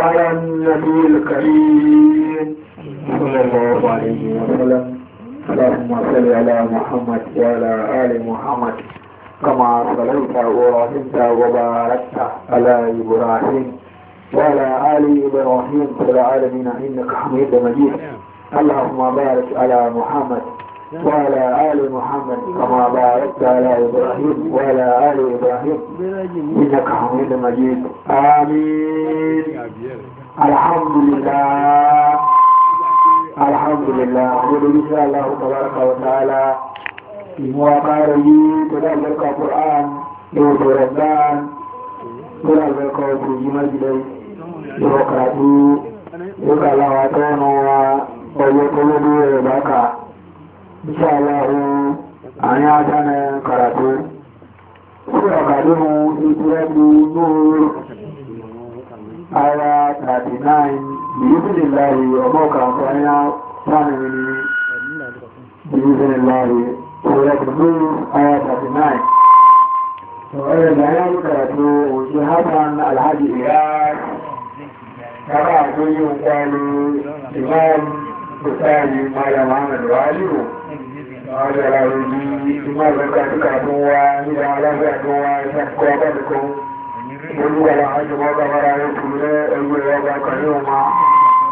على النبي الكريم صلى الله عليه وسلم اللهم صل على محمد وعلى آل محمد كما صليت ورحمت وباركت على إبراهيم وعلى آل إبراهيم في العالمين إنك حميد مجيد اللهم بارك على محمد وعلى آل محمد كما باركت على إبراهيم وعلى آل إبراهيم إنك حميد مجيد آمين الحمد لله الحمد لله أقول إن شاء الله تبارك وتعالى موافقه تدبر القرآن يوم رمضان تدبر القرآن في مجلس يوم قرأته يوم قرأته ويوم قرأته insha Allah anyị aja na karatu sí ọ̀kàdínú ìtìrẹ́bù lóòrò ara 39 bìrìbìrì láàrí ọgbọ́ọ̀kà ọ̀fọ́nyá sáàrin bìrìbìrì láàrí 39 ọ̀rẹ́ ìdáyà ń karatu òṣì hassan alhaji ìyá tàbí àgbóyí òkú ẹlú ìmọ̀ ọ̀rẹ́ ìdí ìmọ̀ ìgbẹ́gbẹ́ àti kàdún wa nígbà aláṣẹ àdún wa ní àkọ́ ọgọ́dùkọ́ olúwàlá àjọmọ́ bàbára rẹ̀ kù lẹ́ ẹgbẹ́ ọgbà kàrí ọmọ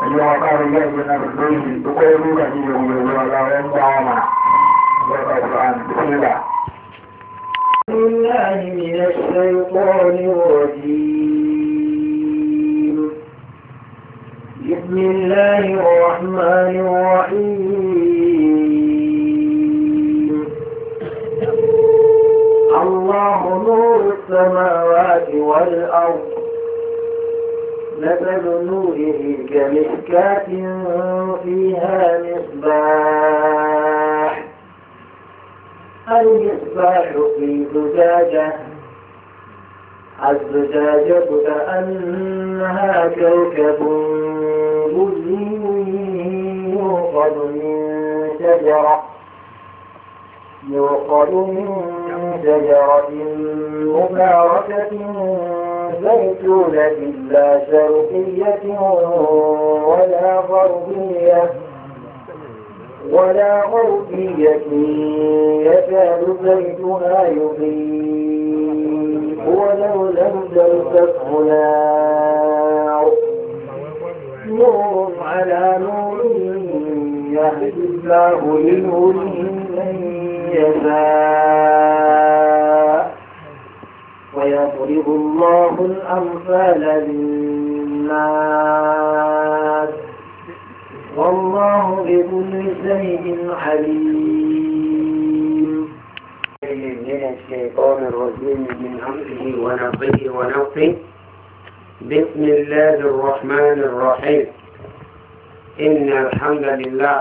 ẹ̀yọ́ ọkàrí ilé ẹgbẹ́ náà lóyè tó kọ́ ẹgbẹ́ kàrí ìwé ìwé ọ̀la rẹ̀ ń gbà ọmọ بالله من الشيطان الرجيم بسم الله الرحمن الرحيم الله نور السماوات والأرض مثل نوره كمحكاة فيها مصباح المصباح في زجاجة الزجاجة كأنها كوكب بلي يوقد من شجرة يوقد من شجرة مباركة زيتونة لا شرقية ولا غربية ولا غربية يكاد زيتها يضيء ولو لم تلتقه نار نور على نور يهدي الله لنوره من يشاء ويضرب الله الأمثال للناس والله بكل شيء عليم من الشيطان الرجيم من همزه ونقيه ونقه بسم الله الرحمن الرحيم إن الحمد لله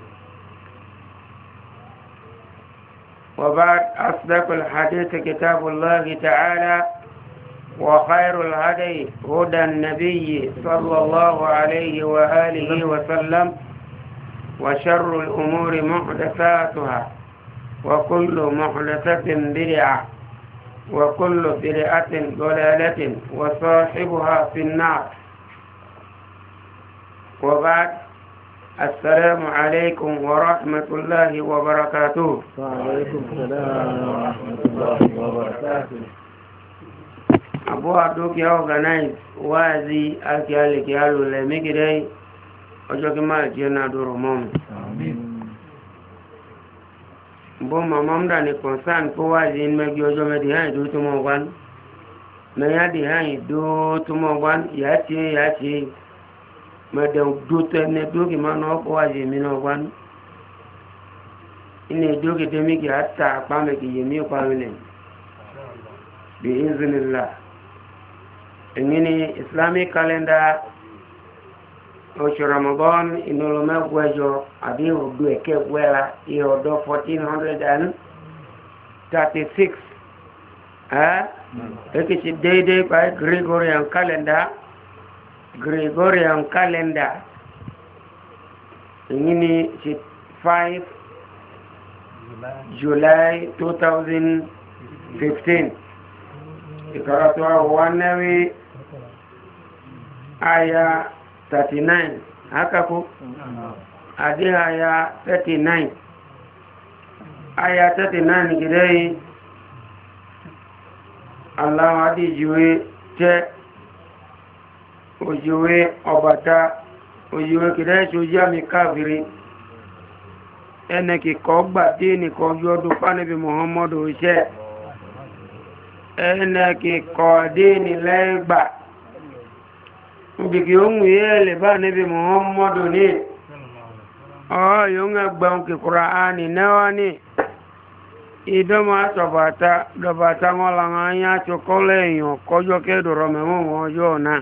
وبعد أصدق الحديث كتاب الله تعالى وخير الهدي هدى النبي صلى الله عليه وآله وسلم وشر الأمور محدثاتها وكل محدثة برعة وكل برعة ضلالة وصاحبها في النار وبعد السلام عليكم ورحمة الله وبركاته وعليكم السلام ورحمة الله وبركاته abuwa doki organize wazi le migire ojo ki na duro mom bo mama mda ni concern ko wazi in me di han do tumo gwan ya di han do tumo mẹ́dẹ̀ dótó ẹni dókè máa náà kọ́ wá yèmí náà wá ní inú dókè tẹ́mí kì á ta apá mẹ́kì yèmí ìpamílẹ̀ bí ìzìnlá èyí ni islamic calendar oṣù ramadan ìnulọ́mẹ́gbẹ́jọ àbí ọdún ẹ̀kẹ́gbẹ́ra ìyẹ ọdọ́ fourteen hundred and thirty six ẹ́ èkìtì déédéé pa gregorian calendar. Gregorian calendar èyí ni ṣe 5 July 2015 ìkọ̀rọ̀tọ̀ wọnẹ́wé aya 39 akako adé aya 39 aya 39 gidẹ́ yìí aláwọ̀ adé ìjìwé tẹ́ ojiwe ọbata ojiwe kìdá ẹsẹ ojú àmì káàkiri ẹnẹ kìkọ gbàdé nìkan ojú ọdún pánibí muhammadu ṣe ẹnẹ kìkọ dé nílẹ gbà gbìgì ohun yẹ lè bá níbi muhammadu ní ọ yóò ń gbọn kíkura ani náwa ni idoma sọbata dọbata wọn làwọn anyi atukọ lẹyìn ọkọjọ kẹdùrọmẹwọn wọn ọjọ náà.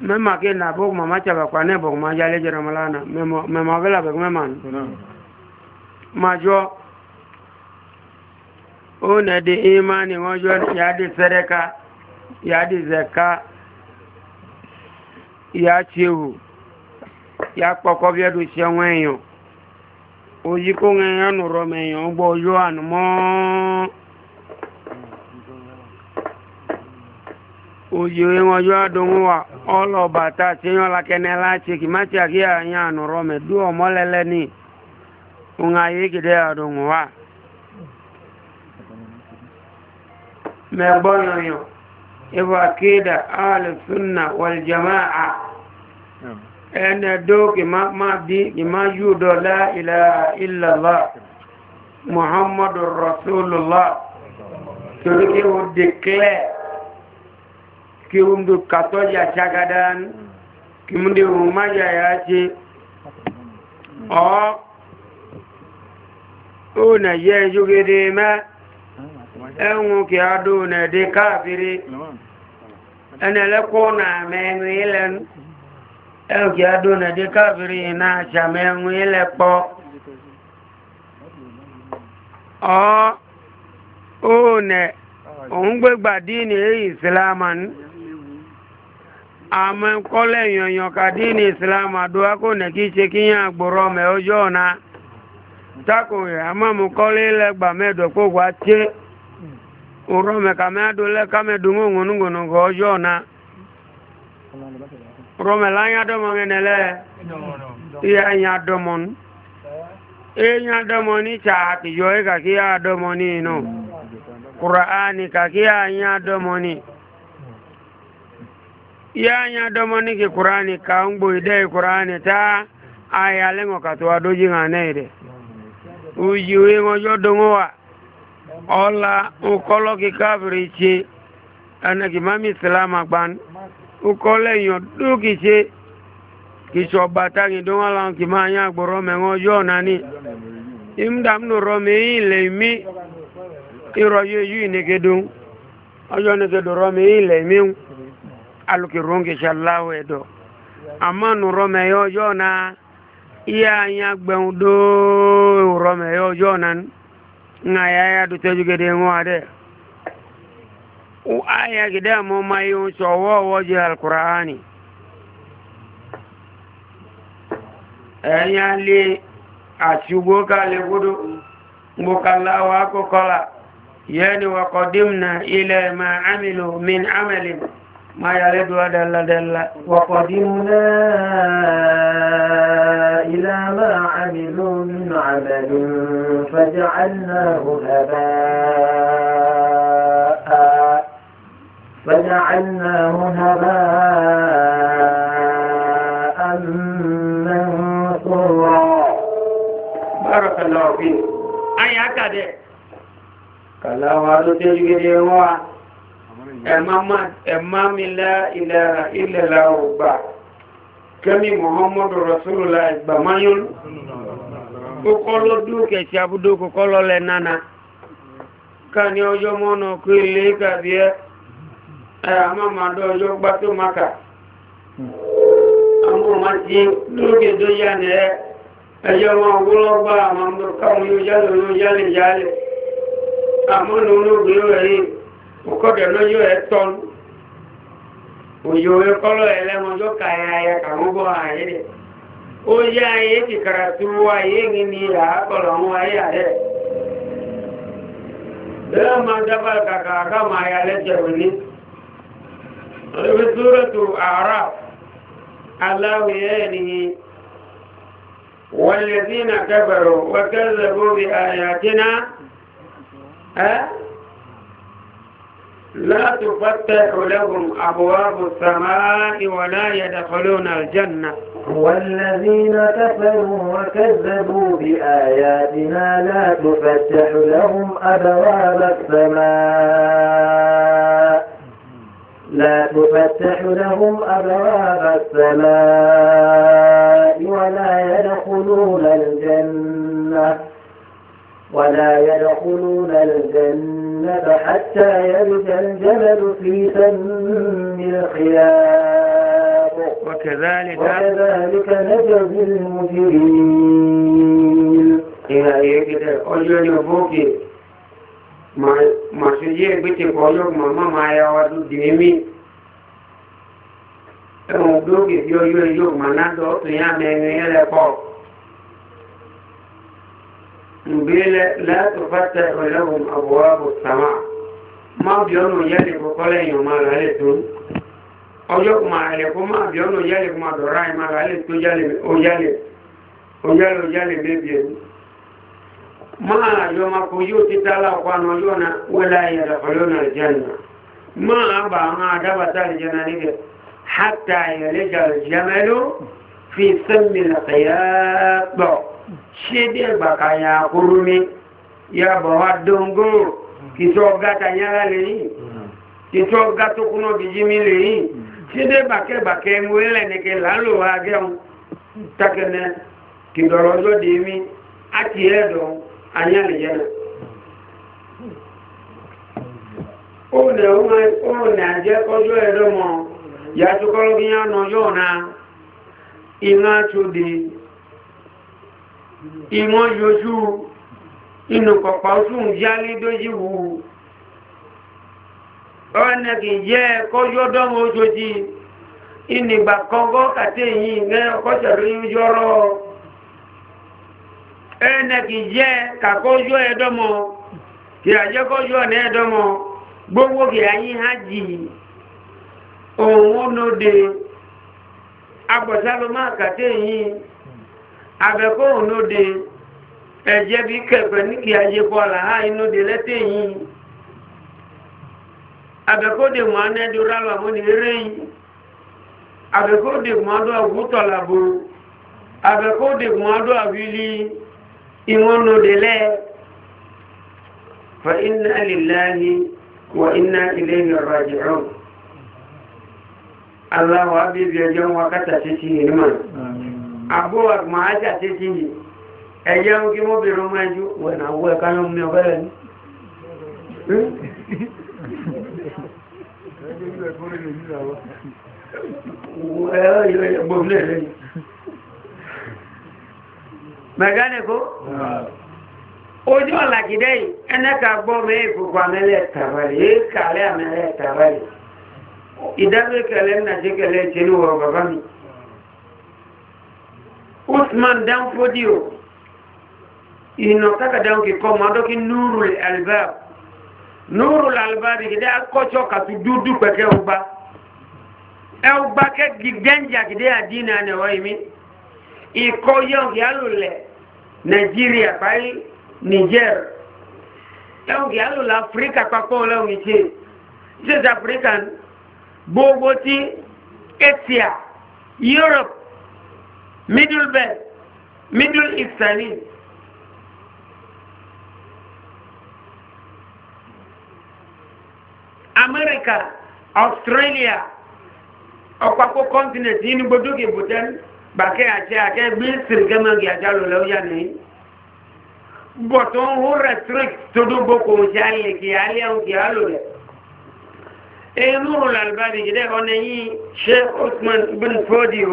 mema ke na bok mama chaba kwa ne bok ma jale jera malana memo mema vela bok mema majo ona de imani ngojo ya di sereka ya di zeka ya chiu ya poko bi edu se won eyan oyi ko ngan anu ro meyan gbo yo anu mo ojiwe ng'ojwa dong'wa olo bata tinyola kene lache kimacha gi anyano rome duo molele ni ung'ayi gide adong'wa mebono yo ibo akida ahlu sunna waljamaa ene do gima madi gima yudo la ilaha illallah muhammadun rasulullah todikiwu declare ki hundu katoja chagadan ki mundi humaja o una ye jugede ma enwu ki na de kafiri ene le ko na menwu enwu na de kafiri na cha menwu ile po o una òun gbégbà díìnì èyí ìsìlámà ní ame kɔ lé nyɔnyɔ kaɖi ní islam aɖo akó nèkí tse kí nyà gbɔrɔ mɛ ɔdzɔ na tako yɛ ame mu kɔ lé lɛ gba mɛ dɔ kó wa tse wòrɔ mɛ kàmɛ aɖo lɛ kàmɛ dò ŋó ŋonu ŋonu gɔ ɔdzɔ na rɔmɛ la nya dɔmɔ ŋɛ nɛ lɛ yɛ nya dɔmɔ nu yɛ nya dɔmɔ ní tsa àtijɔ yɛ kàkí yà dɔmɔ ní yìí nɔ kura ani kàkí yà nya dɔmɔ ní. yanya domo ni ki kurani ka ngbo ide kurani ta aya lengo ka to adoji ngane ide uji we ngo jodo ngo wa ola ukolo ki kabri chi ana ki mami salama ban ukole yo du ki chi ki so batangi do ngala ki manya gboro me ngo jo nani imdam no rome ile mi iroye yu ni ke dun ajo ni ke do rome ile mi alukirungisha lawe do ama nurome yo jona iya anya gbeun do urome yo jona nga ya ya du teju gede ngwa de u aya gede mo mai un so wo wo je alqurani ẹ̀yàn e lè àti ugbóká lè gúdó gbókàláwà kókọ́lá yẹ́ni wàkọ̀dímnà ilẹ̀ ma amìlò min amìlò ما يلد ودل دل وقدمنا إلى ما عملوا من عمل فجعلناه هباء فجعلناه هباء منصورا بارك الله فيك أي هكذا كلا وارد تجري ẹ̀má mi lá ilẹ̀ láọ̀gbà kẹ́mi muhammadu rasulullah ìgbàmáyún kókọ́ ló dúkẹ̀ sí abúdó kókọ́ lọ́lẹ̀ nánà ká ní ọjọ́ mọ́nà kí ilé kàbí ẹ àmá máa dọ́ ọjọ́ gbá tó máka àwọn ọmọ tí lókè tó yà ní ẹ ẹjọ́ wọn ukọ́dọ̀ ló yóò ẹ tọ́nu òyò ẹkọ́lọ́ ẹlẹ́wọ̀n yóò ka ya ya kàrúbọ̀ ayé rẹ̀ ó yá ayé kìkàrà tó ayé yìí ni ìyá akọ̀lọ̀ ń wáyé àrẹ̀ bẹ́ẹ̀ máa dábàá kàkà ká máa ya lẹ́jẹ̀ wò ní. Ebi súrẹ́tù àárọ̀ aláwọ̀ yẹ́ ni wọ́n lè dín nà kẹfẹ̀rọ̀ wọ́n kẹ́ لا تفتح لهم أبواب السماء ولا يدخلون الجنة والذين كفروا وكذبوا بآياتنا لا تفتح لهم أبواب السماء لا تفتح لهم أبواب السماء ولا يدخلون الجنة ولا يدخلون الجنة حتى يلج الجبل في سم الخياط وكذلك, وكذلك نجد المجرمين إلى يجد أجل فوق ما سجيه بيتي قولوك ماما ما يوادو ديمي ẹ̀wọ̀n gbóògì bí ó yóò yóò mọ̀ náà tó yá mẹ́rin لا تفتح لهم أبواب السماء ما بيونو يلي بقولين يوم او يوم ما عليكم ما بيونو يلي ما دراي ما الهلتون يلي ويلي ويلي ويلي بيبين ما يوم كيوت وانا وانولونا ولا يدخلون الجنة ما أبا ما دبت الجنة حتى يلج الجمل في سم الخياط ṣédé gbàkàyà kúrúmi yàbọ̀ wá dóngó kìtọ́ gátà yára lèyìn kìtọ́ gátó kúnà bìjí mi lèyìn ṣédé gbàkẹ́gbàkẹ́ mú lẹ́nìkẹ́ lálò wá gẹ́hùn tákẹ́nẹ́ kìdọ̀rọ̀ lóde mi á ti ẹ̀dọ̀ anyálẹ̀yẹ́nà ó nà yóò náà iná tó ìmọ̀ yóò inú pọ̀pọ̀ tún yálé dójú wù ọ̀nà kì yẹ ẹ̀kọ́ yọ́dọ́mọ ojojì ìnìgbà kọ́gọ́ kàtẹ́ yìí ní ọkọ̀ṣẹ̀rí yọ́rọ̀ ẹ̀nà kì yẹ kàkọ́ yọ́ ẹ̀dọ́mọ kì àjẹ́kọ́ ẹ̀dọ́mọ gbogbo kì ayé ha jì òun ó nóde agbọ̀sálọ́mọ́ kàtẹ́ yìí abẹ́kọ̀ọ́ lóde ẹ̀jẹ̀ bí kẹ̀kẹ́ ní kí ayé kọ́ làá inú de lẹ́tẹ̀ yìí abẹ́kọ̀ọ́dé mọ́ anẹ́dúrà làwọn ní eré yìí abẹ́kọ̀ọ́dé mọ́ adó àgùtọ̀ làbò abẹ́kọ̀ọ́dé mọ́ adó àwílí ìwọ̀n lóde lẹ́ fa inna lillahi wa inna ilayhi raji'un Allah wa bi biyan wakata titi ne ma. Amin àbúrò máa jà títí yìí ẹ̀yẹ́ ń kí wọ́n bèèrè ọmọ ẹjú wọ̀nà àwọ ẹ̀ká yọ mú ọ̀bẹ̀rẹ̀ ní mẹ̀gáníkó ojú ọ̀làkìdẹ́ yìí ẹnẹ́ka gbọ́ mẹ́ ìfòkò amẹ́lẹ̀ tàbàrí èé kààrẹ amẹ́lẹ̀ tàbàrí ìdágbé kẹlẹ́ ń nàṣẹ́kẹlẹ́ ìtẹ́lúwọ̀ bàbá mi usman dan fodiyo ino taka dan ki ko mado ki nurul albab nurul albab ki da ko choka tu dudu peke uba e uba ke gigenja ki da dina ne waimi i ko yon ki alule nigeria bai niger e o ki alule afrika pa ko le o iche south african gbogbo ti europe middle bed middle eastern america australia ọ̀pọ̀pọ̀ continent yìí ní gbogbo ìbòtẹ́ gbàkẹ́ àti àkẹ́ gbé sìrìkẹ́mọ́gì àjálù lọ́wọ́yà ní bọ̀tọ̀ ń hó restrict tó dúgbò kò ń ṣe alẹ́ kì í alẹ́ òun kì í alò rẹ̀ èyí nùrù làlùbáàdì jìdẹ́ ọ̀nà yìí sheikh usman bin fodio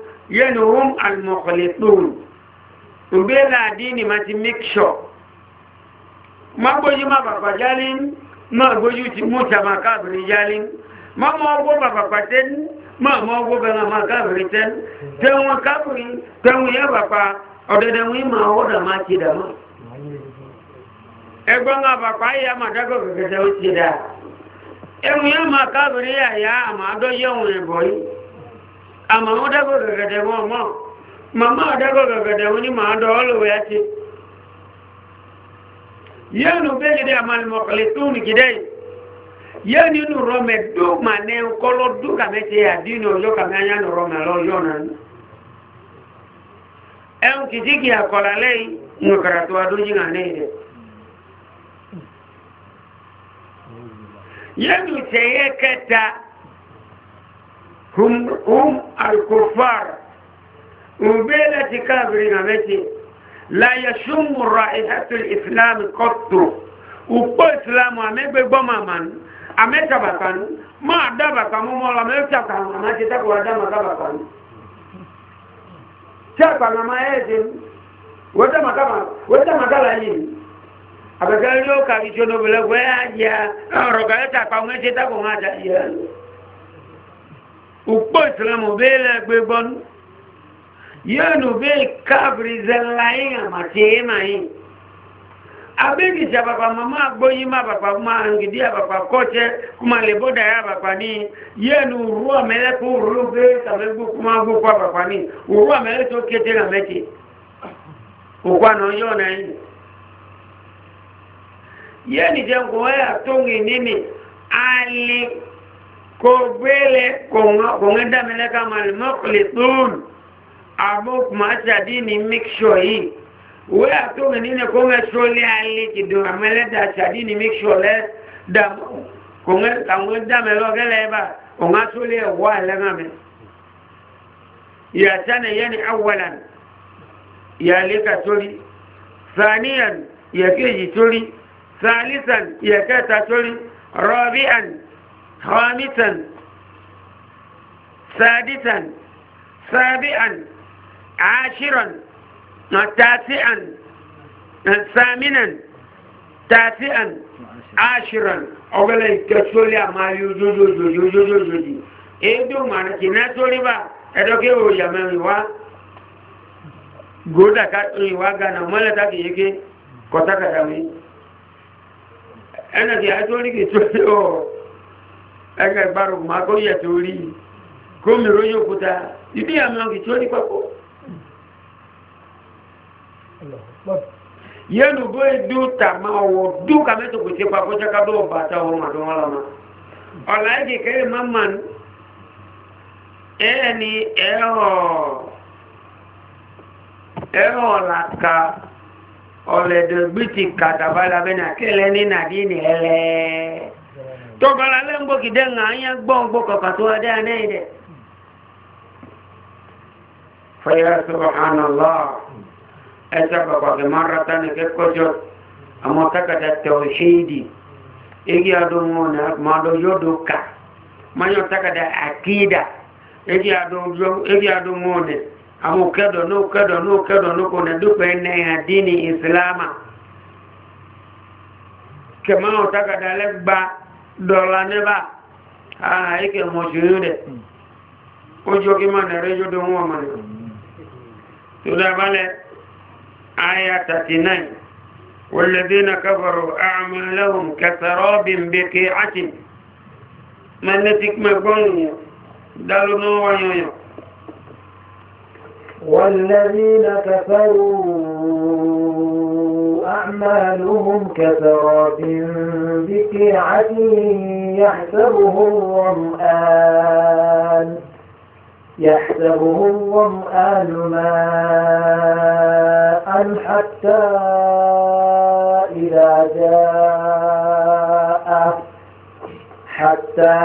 yẹnu hum almọ̀kọ̀lẹ́tòun ìbéèrè àdínì máa ti make sure má gbójú má bàbá jálí má gbójú ti mú tàmà káàbìrì jálí má mọ́ ọgbó bàbá pàtẹ́ má mọ́ ọgbó bẹ̀rẹ̀ má káàbìrì tẹ́ tẹ́wọ̀n káàbìrì tẹ́wọ̀n yẹ bàbá ọ̀dẹ̀dẹ̀ wọn máa ọ̀dà má ti dà mọ́ ẹgbọ́n àbàpá yà má dágọ̀ kẹ̀kẹ́ ti dà ẹ̀wọ̀n yẹ má káàbìrì yà yà àmà àdọ́yẹ̀wọ̀n ẹ̀bọ̀ yìí ama odago gagade momo mama odago gagade woni ma dolo weti yenu begede amal mokhlisun gidei yenu nu rome du mane kolo du kamete ya dino yo kamanya nu rome lo yona en kijiki ya kola lei nu karatu adu jinga neide yenu cheye keta هم هم الكفار وبيلة كافر نمتي لا يشم رائحة الإسلام قط وقو إسلام أمي بماما أمي تبقى ما دبقى ممولا أمي تبقى أمي تبقى دم دبقى تبقى ما يزن وتم كما وتم كلا يين أبقى لو كاري جنوب لغوية يا رغاية تبقى أمي تبقى أمي تبقى ukpo islamu bela gbebon yenu be kabri zelai amati mai abegi cha baba mama gboyi ma baba ma angidi baba koche kuma leboda ya baba ni yenu ruwa mele ku ruwa be tabegu kuma gu kwa baba ni ruwa mele to kete na meti ukwa no yona ni yeni jengo ya tongi nini ali kò gbélé kò ń dámilẹ́ ká máa lè mọ́kùnlé tóun àbókùnmá ṣàdí ní mixture yìí wé àtúnmí nínú kó ń ṣó lé alẹ́ ìdò àmẹ́lẹ́dà ṣàdí ní mixture lẹ́ dàmú kò ń dámilẹ́ ọ̀gẹ́lẹ́ bá kò ń ṣó lé ẹ̀wọ́ àlẹ́gàmẹ́ yàtánà خامسا سادسا سابعا عاشرا تاسعا ثامنا تاسعا عاشرا أولا كسوليا ما يوزوزوزوزوزوزوزو إيدو ما نكينا سوليبا أدوكي هو يمامي وا goda ka tsoyi wa gana mala ta ke yake kwata ka dami ana ke a tsori ke tsori o ẹgbẹ́ ìbára ògùn máa kóyẹ̀ tó rí gómìnà yóò kúta ibi àmì ọ̀gì tí ó ní pẹ́kọ́ yẹnu bó edu tàmà ọwọ́ dú kàmẹ́tò kò sí papọ̀ jẹ́ kábọ̀ ọba àtàwọn ọmọdé wọn lọ́mọ ọ̀la ẹ̀jẹ̀ kẹ́rẹ́ máa mà ní ẹ̀ẹ́ni ẹ̀họ̀ ẹ̀họ̀ làkà ọ̀lẹ̀dẹ̀gbìtì kàtàbálà bẹ́ẹ̀ nà kẹ́lẹ́ ní nàdí nìẹ́lẹ́ẹ́ tọ́gọ́lá lẹ́gbọ́ kìdẹ́ ń àáyá gbọ́n gbọ́kọ̀kà tó wá dáa náà dẹ̀. fẹ́yà sọ̀rọ̀hánàlá ẹ̀sà pàpàkì máa rátá ní kẹ́kọ́jọ́ àmọ́ kákàtà tẹ̀wọ̀ ṣéèdì egi adóhùn ní àmàdó yóò ká mayọ̀ tákàtà àkídà egi adóhùn ní àmọ́ kẹ́dọ̀ ní kẹ́dọ̀ ní kẹ́dọ̀ ní kò ní dúpẹ́ náà dín ní ìsìlámà kẹ̀mọ́ tákàtà lẹ́gbàá dọ̀la níbà àìkè mọ̀ṣúrú rẹ̀ ó jọ kí mọ̀ nẹ̀rẹ́ yóò dún wọn mọ̀nà tó dábálẹ̀ àyà 39 والذين كفروا أعمالهم كسراب بقيعة من نتك مقوم دلنا ويويو والذين كفروا أعمالهم كثرات بكعة يحسبه الرمآن يحسبه الرمآن ماء حتى إذا جاء حتى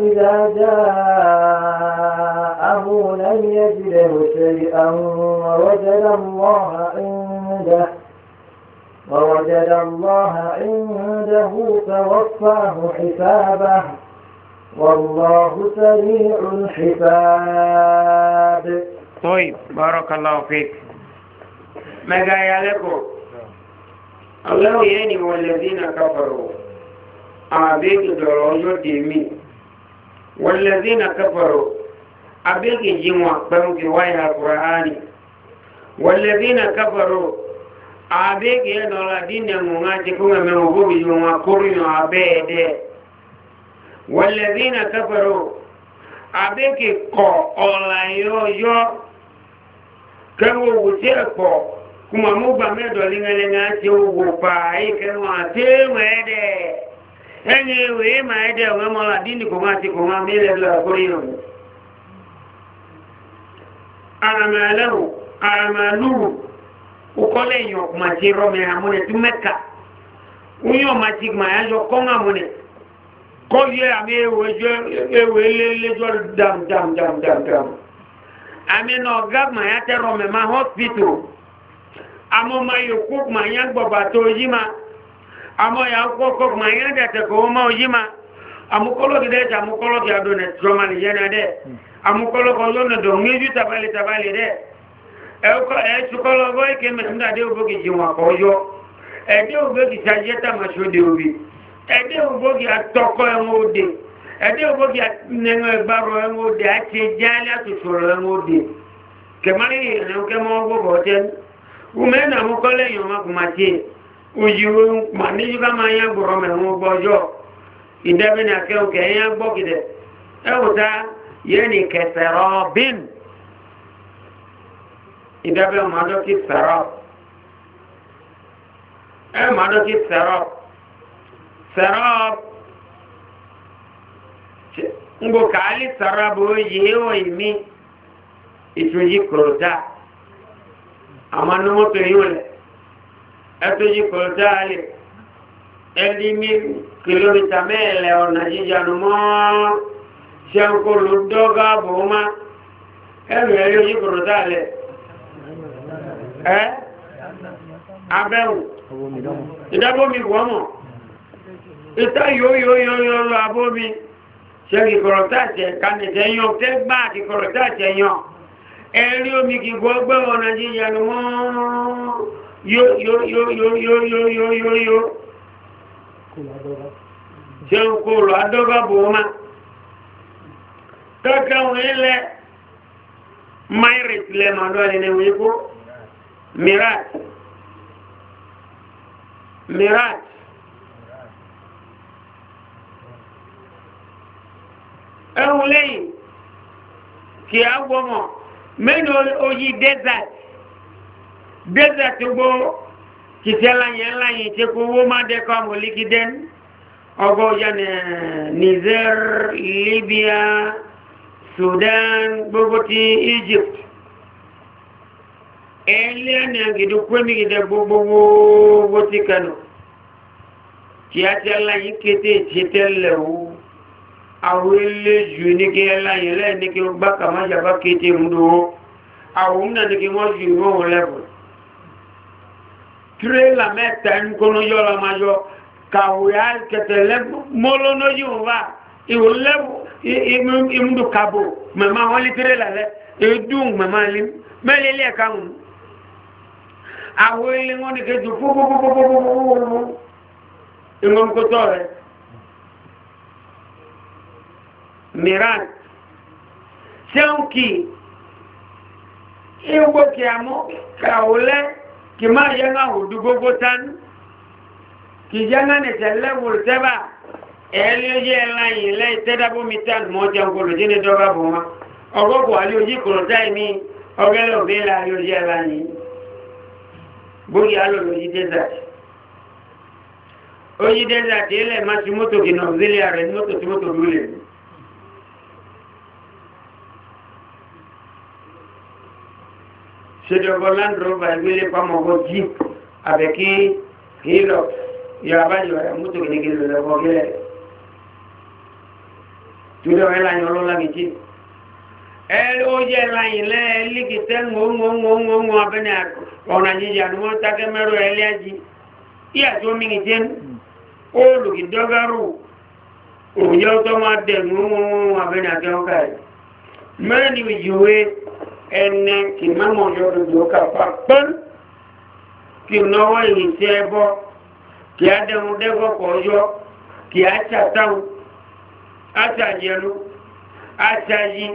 إذا جاءه لم يجده شيئا ووجد الله إن عبدا ووجد الله عنده فوفاه حسابه والله سريع الحساب طيب بارك الله فيك ما جاي لكم الله يعني والذين كفروا أبيك دروجو ديمي والذين كفروا أبيك جمع بمك ويا القرآن والذين كفروا abege lọ́la dínà mọ̀ máa ti kún ẹ̀mẹ́ ògbóbi mọ̀ máa kórìnà abẹ́ ẹ̀dẹ́ wọ̀lẹ̀dínà kẹfẹ̀rọ abege kọ ọ̀la yọ́yọ́ kẹwọ́ òwò tí ẹ̀ pọ̀ kùmọ̀ mú gbà mẹ́dọ̀lì ńlẹ́ńlá ti wò pa ayé kẹwọ́ àti ẹ̀wọ̀ ẹ̀dẹ́ ẹni ìwé mà ẹ̀dẹ́ ọ̀gá mọ́la dínì kò máa ti kò máa mí lẹ́lọ́ kórìnà àràmàlẹ́wò àràmàlúwò ukole nyo maji rome amune tumeka unyo maji mayanjo konga mune koye ame wejo ewele lejo dam dam dam dam dam ame no gab mayate rome ma hospital amo mayoku mayangbo bato yima amo ya koko mayanda te ko ma yima amukolo gide ta amukolo gade ne trauma ni yana de amukolo ko yo ne do ngeju tabali tabali de ẹ̀kọ́ ẹ̀ṣùkọ́ lọ bọ́ ìké mẹ́sìndà dé ògbógi jí wọn àkọ́jọ́ ẹ̀dẹ́ ògbógi sàjẹ́ta màṣọ́dé òbí ẹ̀dẹ́ ògbógi àtọ́kọ́ ẹ̀wọ̀n òde ẹ̀dẹ́ ògbógi nẹ̀wọ̀n ẹ̀gbàrọ̀ ẹ̀wọ̀n òde àti jálẹ̀ àtòṣòrò ẹ̀wọ̀n òde ke ìdábẹ́ mọ́dọ́kì sẹ̀rọ̀ ẹ mọ́dọ́kì sẹ̀rọ̀ sẹ̀rọ̀ ngbò kàálì sẹ̀rọ̀ bó yé wọ ìmí ìtúnjì kòròtà àmọ́ ní mọ́tò yìí wọlé ẹtúnjì kòròtà lè ẹni mi kìlómítà mẹ́ẹ̀lẹ̀ ọ̀nà jíjànú mọ́ ṣẹ́ńkó ló dọ́gà bò ó má ẹnu ẹ̀rí ojú kòròtà lẹ̀ ẹ́ abẹ́wò ìdábòmí wọ́mọ̀ ìta yóò yóò yóò lọ abómi ṣe kìkọ̀rọ̀ táàtì ẹ̀ka nìtẹ̀ yan tẹ́ gbá kìkọ̀rọ̀ táàtì ẹ̀yàn ẹ̀rí omi kìkọ̀ ọgbẹ́ wọn nàìjíríà ni wọ́n yóò yóò yóò yóò yóò yóò yóò yóò jẹun kó lọ adọ́gba bò mirat mirat ẹ̀hùn lẹ́yìn kì á gbọmọ̀ mẹ́nu oyi desert desert gbó kìtẹ́ láyé láyé tí kò wó má dẹ́kọ̀ mọ̀líkídẹ́n ọgọ́ yẹn niger libya sudan gbogbo ti egypt ẹ̀lẹ́ ẹ̀nà gidi kwẹ́mì gidi gbogbogbogbo ti kanu tí a ti aláyí kété ti tẹ́lẹ̀ o àwọn eléjù ní kí aláyí lẹ́ẹ̀ni kí gbá kàmá jàbá kété múdó àwọn múnà ní kí wọ́n ju ìwọ̀n lẹ́bù tírélà mẹ́ta ń kónú yọ́ra máa yọ kàwé àkẹtẹ̀ lẹ́bù mọ́lónú yìí wà ìwò lẹ́bù ìmúdù kàbò mẹ́ma wọ́n lé tírélà lẹ́ èdùn mẹ́ma lé mẹ́lẹ́lẹ́ kàwọn àwọn ilé wọn ni kejì fúfúfúfúfúfúfú ìmọ̀nkótó rẹ̀ mìíràn sẹ́wọ̀nkì ìwò kì àmọ́ kàwọlẹ́ kì máa yẹ ń àwòdú gbogbo tán kì yẹ ń ànìtẹ̀ lẹ́wòrò tẹ́bà ẹ̀ẹ́lẹ́yẹ ńlá yìí lẹ́yìn tẹ́dábómi tán mọ́ jẹun kò lòdì ní dọ́gba bò wọn ọgọ́gọ́ àlẹ́ òjì kòròdá ẹ̀mí ọgẹ́lẹ́ òbí ńlá àlẹ́ òjì ẹ̀lá yìí bóyá alòlòyí desert oyi desert ilẹ̀ máa ti mọ́tò kì náà zílẹ̀ rẹ̀ mọ́tò tí mọ́tò múlẹ̀ ṣèjọba land rover ìgbélé pamọ́gbọ́ jeep àbẹ̀kí hilux yàbájọ rẹ̀ mọ́tò kì ní kí lọ́wọ́ gẹ́rẹ̀ tó dẹ̀ wọ́n yẹ́ láyé ọlọ́lá méjì ẹ̀rẹ́ ó yẹ láyìn lẹ́ẹ̀ líkìtẹ́ ńgbóngbóngbóngbó abẹ́nẹ̀ ọ̀nà jíjẹ àdúgbò tákẹ́ mẹ́rọ ẹlẹ́ ajì yíyà tó mìíràn jẹ́ olùkìdọ́gárò òòyà tó máa dẹ̀ ńgbóngbóngbó abẹ́nẹ̀ akẹ́wọ́ká rẹ̀ mẹ́rin ìjòwe ẹnẹ kì mẹ́mọ̀ yọ lójú ọkà fà pẹ́n kì náwó ìrìnsẹ̀ ẹbọ kì á dẹ̀hun dẹ́gbọ́ kọ̀ yọ kì á ṣàtàwọn àṣàyẹnu àṣàyìn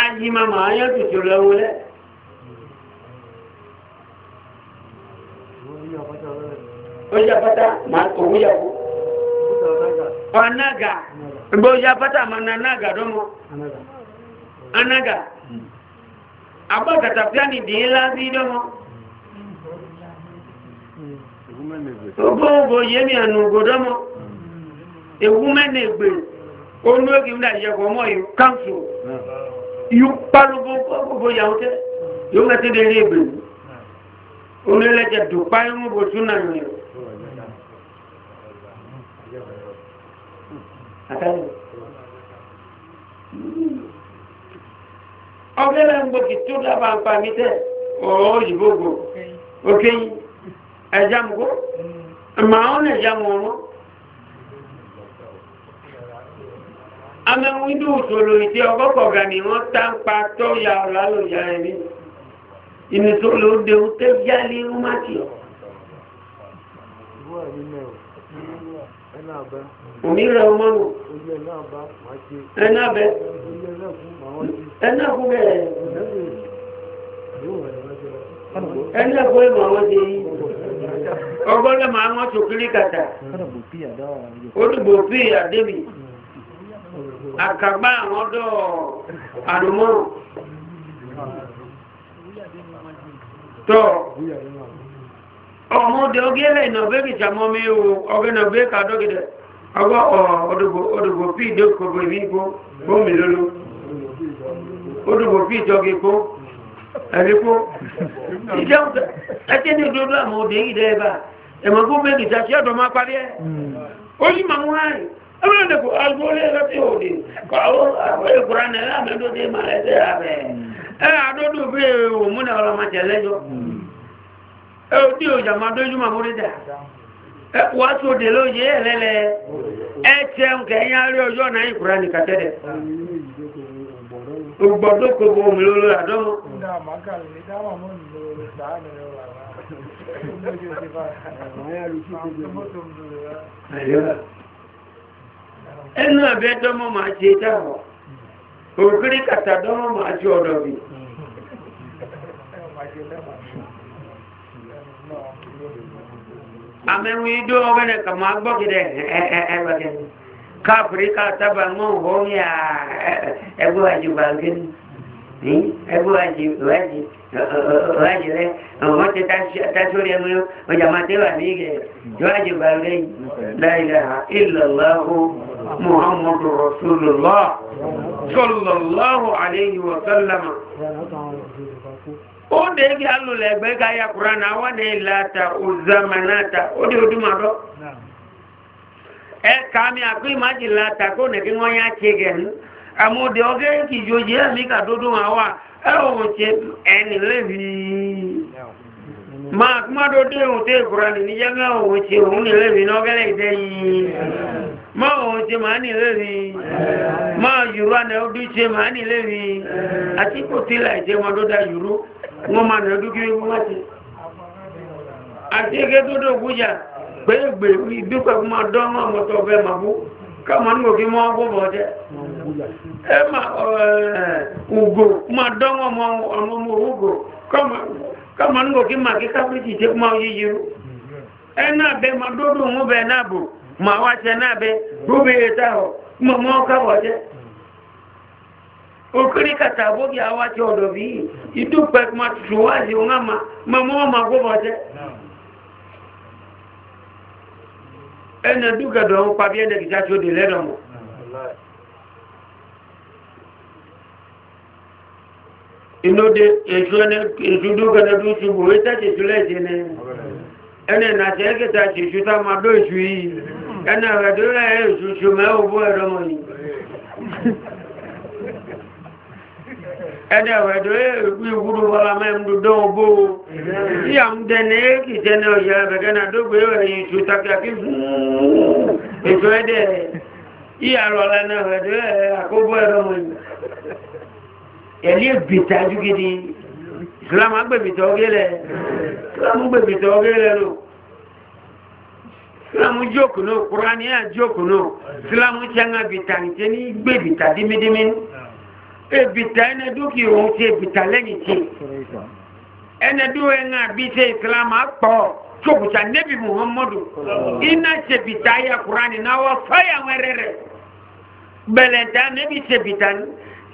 ajima máa yẹ́ tùtù lẹ́wọ́ lẹ́ oúnjẹ pátá máa òun yẹ̀ kú ọ̀nàgà gbogbo oúnjẹ pátá máa na anága dọ́mọ anága àgbọ́ kàtàkì ní ìdí ńlá sí dọ́mọ ogbo ogbo yẹ́mi ànà ògòdọ́mọ ewu mẹ́nà ègbè olú ògì ń dàjẹ́ yìí káńsù yóò pálógó gbogbo yàwó tẹ́ yóò mẹ́tí lè rí ìbèrè onílẹ̀jẹ̀ dùpá irun bò tún náà nìyẹn. ọgbẹ́ náà ń gbòkì tó dábàá ń pa mí tẹ́ ọ̀rọ̀ òyìnbó gbò ókè yìí ẹ̀já mú kó mm. màá ń lè já mú ọ̀rọ̀. amẹ́wíndú òṣòro ìdí ọgọ́kọ̀ọ̀gà ni wọ́n tá ń pa tọ́ ya ọ̀rọ̀ alòyà ẹ̀rí ìnìṣòro dẹ̀hùn tẹ́ yálé ń má tì ọ́. òmìnira ọmọ nù ẹ̀nà abẹ́ ẹ̀nà fún bẹ́ẹ̀ ẹ̀nà fún ẹ̀mọ̀ àwọn ṣe yí ọgbọ́n lẹ́mọ̀ àwọn ṣòkiri kàtà olùgbò pí àdébì àkàgbà àwọn ọdọ́ àdùmọ́rù tọ́ ọmọdé ogélẹ̀ ìnàbẹ́kì jàmọ́mí ọgẹ́nàbẹ́ kàdọ́gẹ́dẹ̀ ọgbọ́ ọdùgbò pí ìdókògbò ìmígbó gbómi lóló odùgbò pí ìjọgẹ́kó ẹ̀ríkó ìjẹ́ ẹ̀tẹ́ ní ìdókògbò àmọ́ òdè ìdẹ́ ẹ̀bà ẹ̀mọ́gbó mẹ́rin ìjàṣẹ́ ọ̀dọ̀ máa parí ẹ̀ ó yí màmú láàrin ewee ìdẹ̀kù agbórí ẹgbẹ́ òde kọ̀wọ́ àwọn ìkúra nílẹ̀ àmẹ́dọ́dé màlẹ́dẹ́ abẹ́ ẹ àdọ́dọ̀ bí òmúnà ọlọ́mọjẹ lẹ́jọ́ ẹ ò tí òjà máa dójú máa múrí dà ẹ wá tó dè lóye ẹ lẹ́lẹ́ ẹ tẹ nǹkẹ́ yá rí ọjọ́ náà ìkúra ẹnu àbẹ́ dọ́mọ́ máa ṣe dáàbọ̀ ògírí kàtà dọ́mọ́ máa ṣe ọ̀dọ̀ bí àmẹ́rin idó ọgbẹ́nẹ̀ kà máa gbọ́gidẹ̀ ẹgbẹ̀gẹ̀ káàkiri káàtàbà ń wọ́n wọ́n yà ẹgbẹ́ àjùbà gẹ́ni sí é grande grande grande né ontem tá tá chorando eu já matei a amiga grande valei la ilaha illallah Muhammad rasulullah sallallahu alaihi wa sallam o de ki alu le gbe ka ya quran awa de la ta uzamanata o de oduma do e ka mi akui majila ta ko ne ki won chegen àmúdẹ ọgẹ́ ń kì yóò yẹ́ ẹ̀mí kàdódó àwà ẹ̀wọ̀n ṣe ẹni lẹ́bi máa kí máa dódé ohun tó ìkúra nì ní jẹ́gbẹ́ ohun ṣe òun ní lẹ́bi ní ọgẹ́lẹ̀ ìdẹ́ yìí máa ohun ṣe máa ní lẹ́bi máa yùrú àná ọdún ṣe máa ní lẹ́bi àti kò tí láì jẹ́ wọn dódá yùrú wọn máa nà ọdún kí wọ́n má ṣe àti ẹgẹ́ tó dó ògbújà gbẹ́gbẹ́ ìbí pẹ̀lú máa dán ọmọ tó fẹ́ màbú káwọn ní òkè mọ́ bọ́bọ̀ jẹ́ ẹ̀mà ògò máa dánwọ́ ọmọ ọmọ ògò kọ́mọ nígbò kí máa kí káfíríkì tí kó máa yíyí rú ẹ̀nà bẹ máa dódò ń bẹ náà bò máa wá ṣe náà bẹ gbóbe ètà ọ̀ mọ̀ mọ́ káwọ̀ jẹ́ okiri kata abogi awati ọdọ bi idupẹ kuma tutu wazi onga ma ma mọ ma gbọbọ jẹ ẹnna dugadọ nkpabi ẹnna kìí sáà tó di lẹdọ inode ezune ezudu gana du subu eta ti sule jene ene na je ke ta ti su ta ma do su yi ene ra do la e su su me o bo ero mo ni ene ra do e bi guru wala me mdu do bo ya mde o ya be gana do gbe o ni su ta ka ki e so ede iya ro la na ra do e ẹ̀lí bìtàjú gidi islam agbèbìtà ọgẹ́lẹ̀ islam gbèbìtà ọgẹ́lẹ̀ lò islam jókòó náà kúránì yà jókòó náà islam tiẹ̀ŋà bìtà nìjẹ́ ní gbèbìtà dímídímí ebìtà ẹnẹ dúkì òun ti ebìtà lẹ́yìn tí ẹnẹ dúró ẹ̀ŋà bí ṣe islam akpọ̀ tókùtà nẹ́bì muhammadu iná ṣèbìtà yà kúránì náà wọ́n fáyà wẹ́rẹ́rẹ́ bẹ̀lẹ̀ dá nẹ́bì ṣèbìtà ní.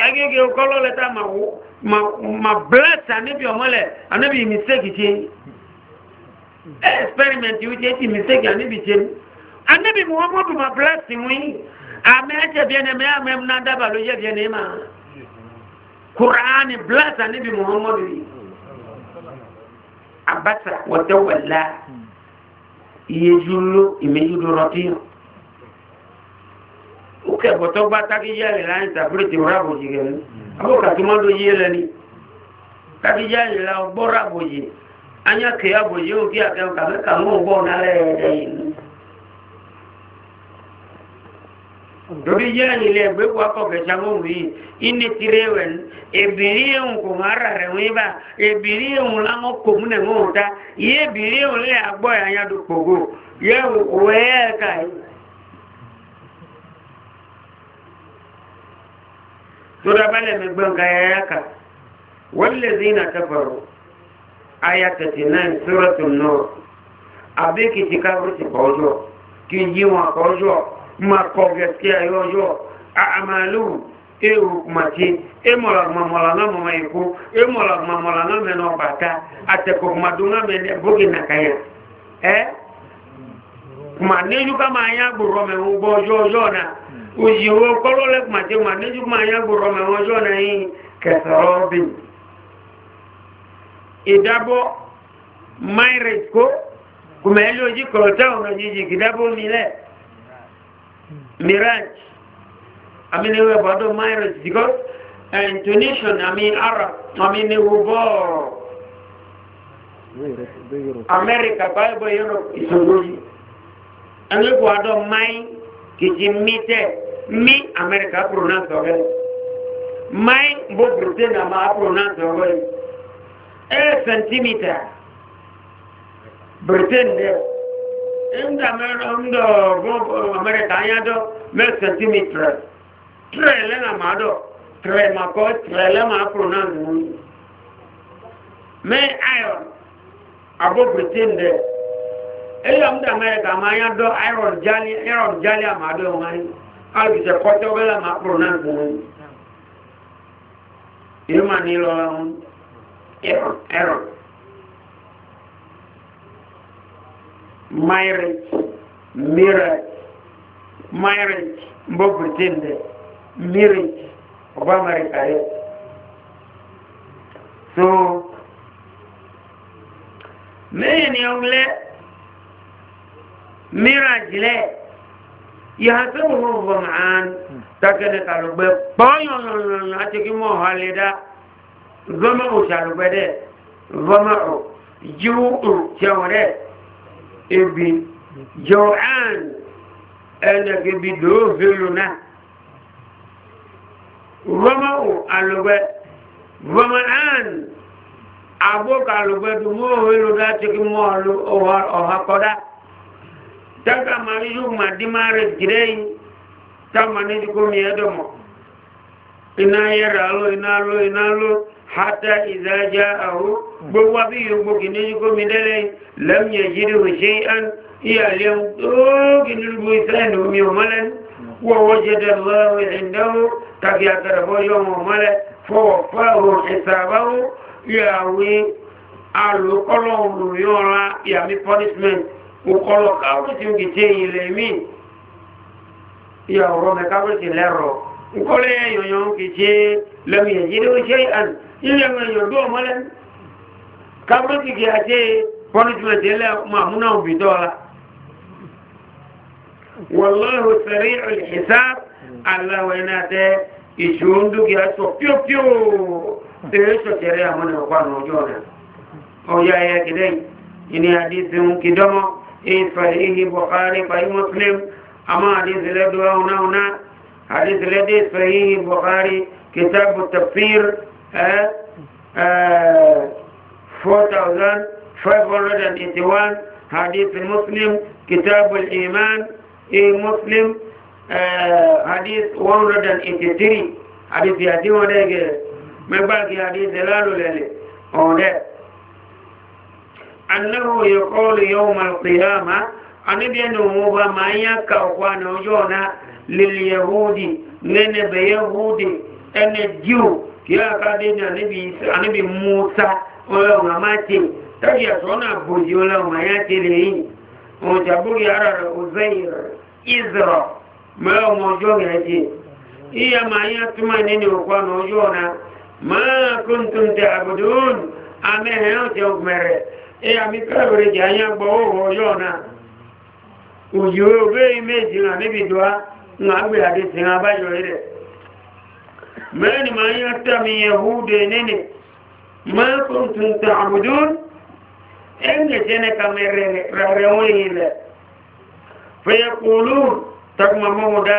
agege kọlọ lẹta ma wo ma ma bless anabi ọmọlẹ anabi mistake tse experiment wo tse anebi mistake anebi tse anabi muhammadu ma bless wi ame ẹsẹ bi ẹnẹ mẹ ame na daba lo yẹ bi ẹnẹ ma kuraani bless anabi muhammadu yi abasa wọtẹ wẹla iyejulo imejudo rọtiyan. ukẹ̀bọ̀tọ́ bá tákíjáyì láyé tàbílẹ̀tì rábòjì rẹ̀ abúkàtúmọ́dó yé lẹ́ni tákíjáyì la ọgbọ́ rábòjì anyákẹ́ àbòjì ó kí àkẹ́kọ̀ọ́ kàmọ́ ọgbọ́ nálẹ̀ ẹ̀ẹ́dẹ̀ yìí torí yáyì lẹ gbẹ́gbọ́ akọ̀kẹ́ sàmóhùn yìí inú tirẹ̀ wẹ̀ ní ebìrì ehùn kò má rà rẹ̀ wọ́n bá ebìrì ehùn láwọn kò múnẹ̀ wọ́n ta yé sura bale mai gbanga ya yaka wallazina kafaru aya 39 suratul nur ki ti kafirci ka ojo ki yi wa ka ojo ma ko gaskiya yi ojo a amalu e hukumati e mola mamola na mama iku e mola mamola na meno bata ko mene na kaya eh kuma ne yuka ma ya buru me ubo na òyìnwó kọ́lọ́lẹ̀ pàtí wà níjú máa yá gbòrò mẹ́wọ́n jọ náà yìí kẹsàrọ́ bí ìdábọ́ mairit kó kùmẹ́lú ojú kọ̀ọ̀tà ọ̀nà jíjì ìdábọ́ nílẹ̀ mirage amínewé bọ́dọ̀ mairit dìgọ́ intonation àmì arab amínewó bọ́ọ̀ amẹ́ríkà báyìí bọ́ europe ìṣòro yìí ẹni kò adọ́ mairit kìjì mí tẹ́ mí amẹ́ríkà pronounce ọ̀rẹ́ my bo britain àmà pronounce ọ̀rẹ́ air e centimeter britain dẹ́ ndà ndọ̀ amẹ́ríkà anyadọ́ mẹ́ centimeter tẹ́ lẹ́nà máa dọ̀ tẹ́ máa kọ́ tẹ́ lẹ́nà máa pronounce ọ̀rẹ́ mẹ́ iron àbọ̀ britain dẹ́ eya mda mere ka ma anya do iron jali iron jali ama do ngani albi se ko to bela ma pro nan bu irma ni lo iron iron marriage marriage marriage mbo pretende marriage oba america ye so me ni mirage lẹ yàtọ̀ wọn fọ màán takẹ́lẹ́ kàlùgbẹ́ pọ́nyọ̀nyọ̀nyọ̀nyọ̀ àtẹ̀kí mọ̀ ọ̀hálẹ̀ dá zọ́mọ̀ òṣàlùgbẹ́ dẹ̀ zọ́mọ̀ ọ̀ jíwú ọ̀ jẹun dẹ̀ ebi jọ̀án ẹnẹ̀kẹ́bi dòófìlù náà zọ́mọ̀ ọ̀ àlùgbẹ́ zọ́mọ̀ án àbókàlùgbẹ́ dùmọ̀ òhìlù dá àtẹ̀kí mọ̀ ọ̀hàkọ́dá taka mari yu ma di mare girei ta mani di ko mi edomo ina yara lo ina lo ina lo hatta idza ja'ahu bo wa bi yu bo gini ko mi dele lam yajidu shay'an iya lem do gini bo isan do mi malan wa wajada Allah indahu ta ya karabo yo mala fo fa ru hisabahu ya wi alu kolon lu yo la ya mi punishment ukọlọ káwọn tí ó kì tí èyí lè mí ìyà ọ̀rọ̀ mẹ́káwọ́ sí lẹ́rọ ìkọlẹ̀ èyàn kì tí lẹ́mí èyí ló ṣe àn ilẹ̀ èyàn tó ọmọlẹ́ káwọn kì kì àti punishment ilẹ̀ mahmuna òbí dọ́la wọ́lọ́hùn sẹ̀rí ìṣá aláwọ̀ iná tẹ ìṣòro dúkìá sọ píọ́píọ́ èyí sọ̀tẹ̀rẹ̀ àmúnà ọ̀pá ọjọ́ rẹ̀ ọ̀yà ẹ̀yà kìdẹ́ ìní àdísìn kìdọ́mọ́ in sahihi bukhari fa muslim ama hadith le do una una hadith le de sahihi bukhari kitab tafsir 4581 hadith muslim kitab al-iman in muslim hadith 183 hadith ya diwa dege me ba ki hadith annahu yaqulu yawm al-qiyamah anibi no ba maya ka kwa na lil yahudi nene be yahudi ene jiu ya ka na musa ola ngamati tagi asona buji ola maya o jabugi ara uzair izra melo mojo yaji iya maya tuma nene na ma kuntum ta'budun ame heo te ukmere ẹ̀yà mi kẹ́lẹ̀bẹ̀rẹ̀ jẹ́ ayá gbọ́ ọ̀rọ̀ ọjọ́ o òjò obé méjì náà níbi dọ́á ń àgbè àti sin abájọ rẹ̀ mẹ́rin ma ń yá tàbí yahudu nínú máa kún tún tàn àbùdó ẹ̀yìn jẹ́ ní kàmẹ́rẹ̀ rẹ̀ wọ́n yìí lẹ̀ fẹ́yẹ kúlù takumamọ́wọ́dá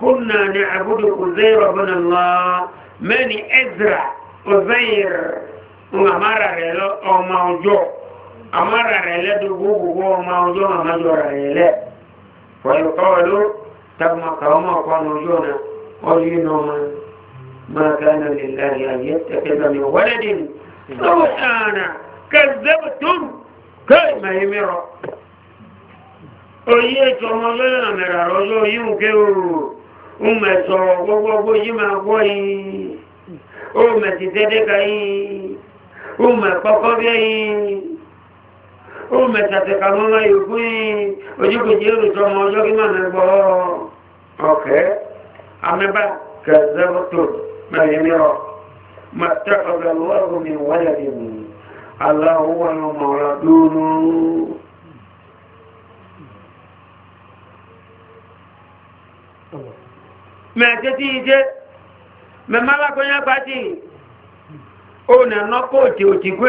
kúnnà ní àbúdó ezra amara rẹ̀ lẹ́dùn gbogbo ọmọ ọjọ́ ọmọ ọjọ́ rẹ̀ lẹ́ pẹ̀lú kọ́ọ̀lú tàbùmọ̀kà ọmọ ọkọ̀ọ̀nà ọjọ́ náà ọjọ́ iná ọmọ máa gánà lè láàrin ayé tẹ́kẹ́gbà ní wọ́lẹ́dìn lọ́wọ́ sàánà kẹzẹ́bù tóun kẹ́ ìmọ̀ mẹ́rọ oyé ètò ọmọ ọjọ́ náà mẹ́rà ọjọ́ yíò ké oòrùn ń mẹ́sọ̀ gbogbogbò yí máa gbọ́ yìí ó mẹ́sì tẹ́dẹ́ka yìí ó mẹ́kọ́kọ́ bẹ́ yìí ó mẹ́tàtẹ̀ kàmọ́ máa yóò fún ojúkòjì èrùsọ ọmọ ọjọ́ kí máa nẹ́gbọ́ ọ̀kẹ́ amẹ́bà kẹzẹ́bọ́tò mẹ́rin ní ọ mẹ́tàkọ̀gà ó nà nọ́kọ̀ òtì òtì gbé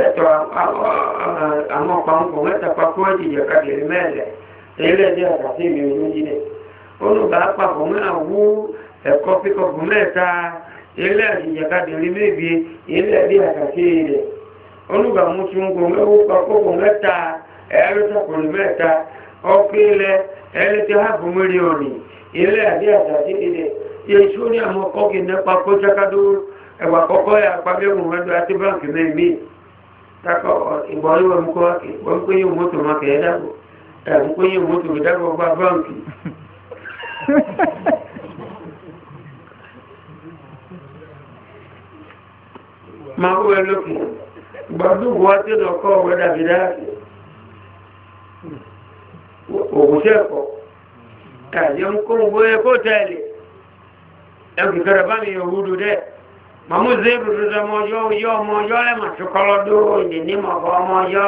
ẹ̀tọ́ àwọn ọ̀pọ̀lọpọ̀ mẹ́ta papọ̀ ìjìyà kàkiri mẹ́lẹ̀ ilẹ̀ jẹ́ àkàtí mi ò ní jílẹ̀ olùgbà papọ̀ mẹ́ta wú ẹ̀kọ́ pípọ̀pù mẹ́ta ilẹ̀ ìjìyà kàkiri mébi ilẹ̀ bí àkàtí olùgbà mú tún kò mẹ́wó mẹ́ta mẹ́ta ọkọ̀ ilẹ̀ mẹ́rin òní àkàtí ní àwọn ọkọ̀ kì tako ibori wa mko wa mko hiyo moto maka ya dago eh mko hiyo moto dago ba banki ma ko loki badu wate do ko wada bida o guseko ka yom ko boye ko tele e ki karabani yahudu de mamu zebu tuzo mọjọ oyọ mọjọ lẹ́mà tó kọlọ dúró ìdìní mọ̀kọ́ mọjọ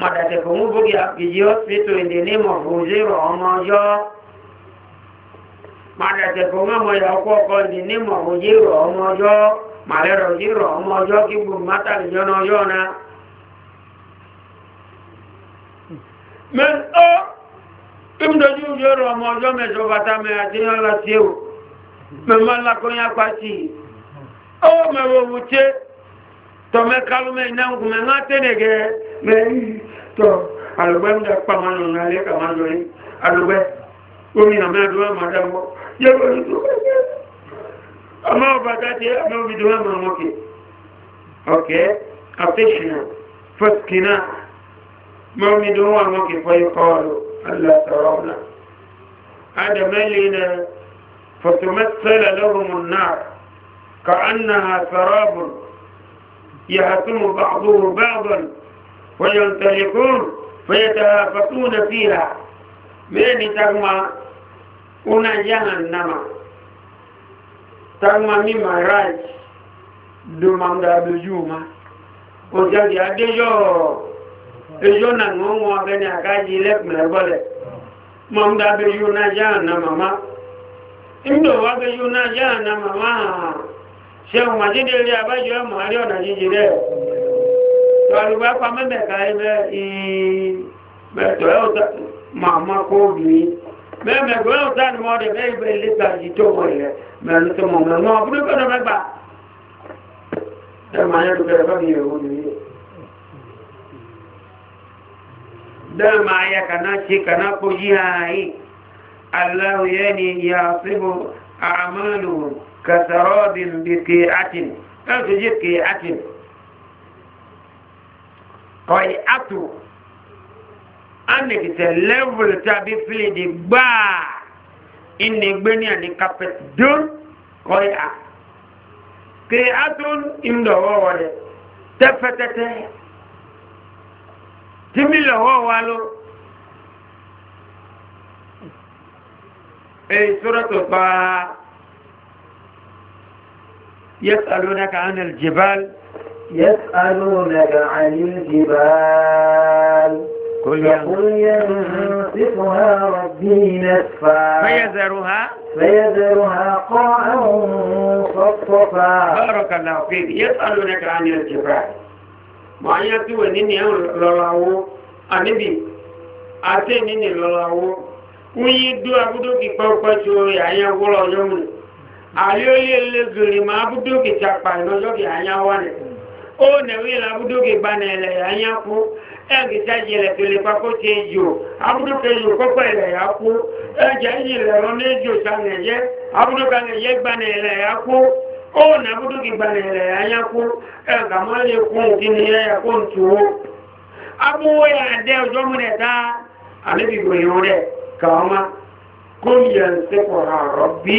mọ̀dàtẹ̀ kò mú bókì àpìjì ọ́sìtò ìdìní mọ̀kọ́ zero ọmọjọ mọ̀dàtẹ̀ kò mú ọmọyà ọkọ̀ ọkọ̀ ìdìní mọ̀kọ́ zero ọmọjọ màlẹ́rọ̀ zero ọmọjọ kí gbogbo mátàlìjọ́ náà yọ̀ náà. mẹ́ta ń dojú ìjọ́rọ̀ ọmọ ọjọ́ mẹ́sọ̀ bàtà mẹ́ àti mẹ́mọ́ lakọ́nyá pàtì ó mẹ́wọ́ wùché tọ́mẹ́ kálùmẹ́ ìnáwó mẹ́ngá tẹ́nẹ̀gẹ́ mẹ́yí tọ́ alùgbẹ́ ń dàpá wọn lọ ní alẹ́ kàmá lọ yìí alùgbẹ́ omi àmì àdúrà máa dàgbọ́ yẹ kó ní tó ọmọ ọba dáadé àmì omi dùn àmà wọn kì ọ̀kẹ́ àfẹ́ṣìnà fọ́sìkìnà mọ́ omi dùn wọn wọn kì fọ́ ikọ́ ọ̀lọ́ alásọ̀rọ̀ ọ̀la adàmẹ́lẹ́ náà فتمثل لهم النار كأنها سراب يهتم بعضه بعضا وينطلقون فيتهافتون فيها من تغمى أنا جهنم تغمى مما راج دوما دابل جوما وجاء أدجو إجو نغمو وغني أكاجي لك من البلد مم دابل جونا جهنم مما inú wágbé yóò náà yá àná màmá ṣeun àjídé ilé abájọ́ ọmọ àrí ọ̀nà jíjì rẹ̀ lọ́rùbá pa mẹ́mẹ̀ká ẹgbẹ́ ìbẹ̀tọ̀ ẹ̀ọ́ta màmá kó obìnrin mẹ́mẹ̀kọ́ ẹ̀ọ́ta ni wọ́n rẹ̀ bẹ́ẹ̀ ilé tàbí tó mọ̀ ilẹ̀ mẹ́rin tó mọ̀ mọ́ ọkùnrin kọ́nà mẹ́gbà ẹ̀ máa yẹ́ dúkẹ́ ẹ̀fọ́ mi ìrẹ̀wò nìyí dẹ́ẹ̀ الله يعني يعصب أعماله كسراب بقيعة أو تجد قيعة قيعة أنك تلفل تابي في الباع إنك بني أنك كابت دون قيعة قيعة إن دوار تفتت تمي لهو والو أي سورة طه يسألونك عن الجبال يسألونك عن الجبال قل ينصفها ربي نسفا فيذرها فيذرها قاعا صفصفا بارك الله فيك يسألونك عن الجبال ما يأتي ونيني لولاو النبي أتي نيني لولاو onye du abudu kikpa ukpɛtu yanya wulɔ nyɔnu alioli elegeli ma abudu kitsakpa nɔjɔ ki yanya wani o nɛwi la abudu na nɛlɛ yanya ku ya yi lɛ dzo kedzo ya ku ɛdza yi lɛ lɔ nedzo sa nɛyɛ abudu ka e nɛyɛ gba ya o yanya e ya ya taa kàọ́mà kó yẹ ń sẹ́kọ̀ àrọ̀ bí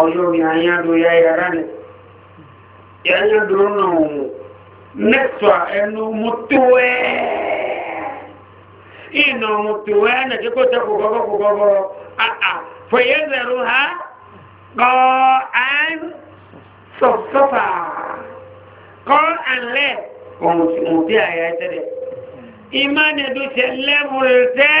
ọjọ́ ìyànyàdó ya yàrá ni ìyànyàdó náà mú mẹ́tọ̀ ẹnu mú tó ẹ́ ìnà mú tó ẹ́ nà kí kó tẹ́ kò gọ́gọ́ kò gọ́gọ́ àà fòye zẹ̀rù ha kọ́ án sọ̀sọ́fà kọ́ án lẹ́ òun tí àyà ẹ̀ tẹ́lẹ̀ ìmánẹ̀dù tẹ́ tẹ́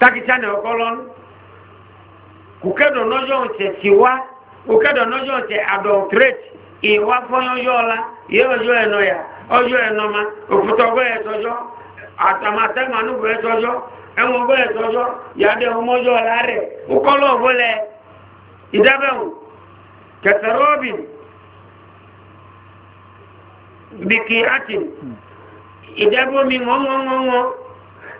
takitani ọkọlọn kòkẹ́dọ̀ n'ọjọ́ ọ̀tẹ̀ tiwa kòkẹ́dọ̀ n'ọjọ́ ọ̀tẹ̀ adọ̀trate ìwà fọyọ́yọ́ ọ̀la yẹ ọjọ́ ẹ̀nọ yà ọjọ́ ẹ̀nọ ma òkúta ọgbẹ́ ẹ̀ tọjọ́ àtàmàtàmà nùgbọ́ ẹ̀ tọjọ́ ẹ̀wọ̀n ọgbẹ́ ẹ̀ tọjọ́ yàdé ọmọjọ́ ọ̀la rẹ̀ kòkọ́lọ̀ ọ̀bọ̀lẹ̀ ìdábẹ̀wò kẹsàrọ́ọ̀bì bìkì àtì ìdábọ̀mí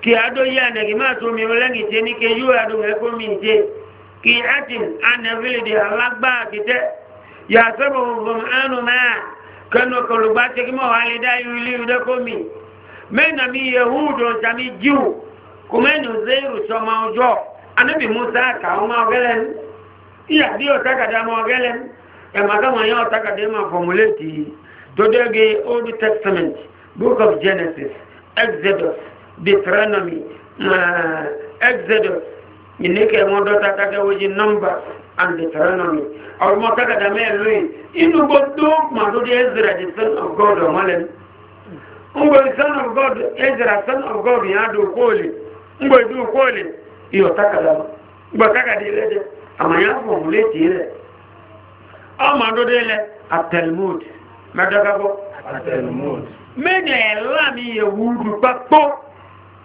kí adó yí ànàgì máa tó mi lẹ́yìn tẹ́ ní kejì àdó ẹ̀kọ́ mi tẹ́ kí atim anavili alágbá àkìtẹ́ yàtọ̀bọ̀ fún ẹnu máa kẹnu kọlùgbà tẹ́ kí mọ̀ wá lè dá irú ilé ìdẹ́kọ́ mi mẹ́nà mi yehudu tàbí jíù kò mẹ́nu zéèrù sọmọ ọjọ́ anábì musa kà ọmọ ọgẹ́lẹ́ ní ìyàdí ọ̀tàkàdé ọmọ ọgẹ́lẹ́ ní ẹ̀mà káwọn yẹn ọ̀tàkàdé máa fọmùlẹ́tì tó old testament book of genesis exodus Deuteronomy, uh, Exodus, ìníkẹ̀ wọn dọ́ta kádẹ́wọ́jì nọ́mbà and Deuteronomy. Àwọn ọmọ tákàdá mẹ́rin lóyìn, inú gbogbo màdúdí Ezra the son of God o ungo Ngbò son of God, Ezra son of God yẹn adùn kóòlì, ngbò ìdùn kóòlì, iyọ̀ tákàdá. Ngbò tákàdá ilẹ̀ dẹ̀, àmàyàn fòun létí rẹ̀. Ọmọ àdúdí ilẹ̀, Atalmud, mẹ́dọ́gbọ́. Atalmud. Mẹ́dẹ̀ ẹ̀ láàmì ìyẹ̀wù dùpá pọ́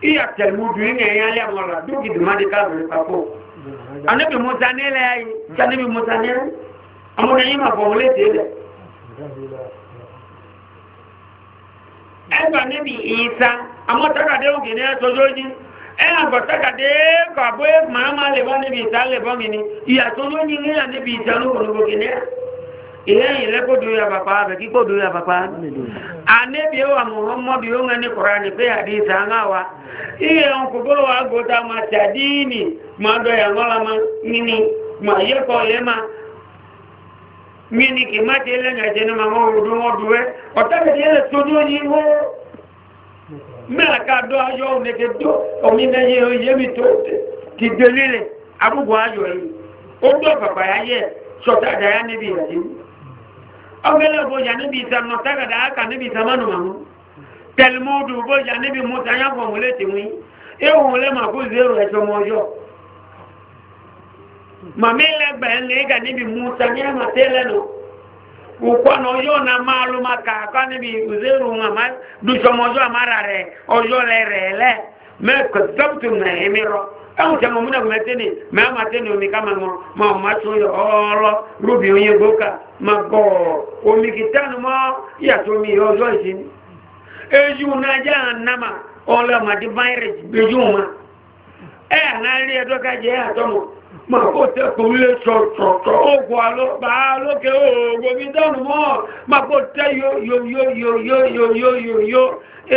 iya talmudu yin yayin ya mara duk idima da ka bai kako annabi musa ne la yayi annabi musa ne amma ne ma ko le te le eba ne bi isa amma taka de ngi ne sojoji e agba taka de ka e bo e ma ma le ba ne bi isa le ba mi ni iya sojoji ni ya ne bi isa lo ko ne ile ile ko do ya papa be ki ko do ya anebi wa muhammad yonga ni qur'ani pe hadith angawa iye onkubolo wa gota matadini mado ya ngola ma nini ma yeko lema nini kimati ele nga jene ma du duwe ni ngo mela ka do ayo ne ke do na ye ye mi to abugo yi o do ya ye da ya ya ọgẹ́lẹ̀ bójá níbi ìsàmà aka níbi ìsàmánu màmú tẹlmúdù bójá níbi mọ́ta yáfọ̀ wọlé tèmú ẹ̀wọ̀n lẹ́mà kó zero ẹ̀sọ́ mọ́ ọjọ́ màmí lẹ́gbẹ̀ẹ́ lẹ́gà na máa níbi zero màmá dùsọmọjọ́ àmàrà ahụ ta mụmụ na bụ meteni ma a mata na omi kama ṅụrụ ma ọ matụ ya ọrọ rubi onye goka ma bọọ omi kitanụ ma yàtọ omi ihe ọzọ isi eju na aja anama ọla ma dị virus beju ma ẹ àná rí ẹjọ́ atọ àtọmọ ma kó tẹkùn lé tọ̀tọ̀tọ̀ ogun alo bàá lókè oògùn omi dánù ma kó tẹ yo yo yo yo yo yo yo yo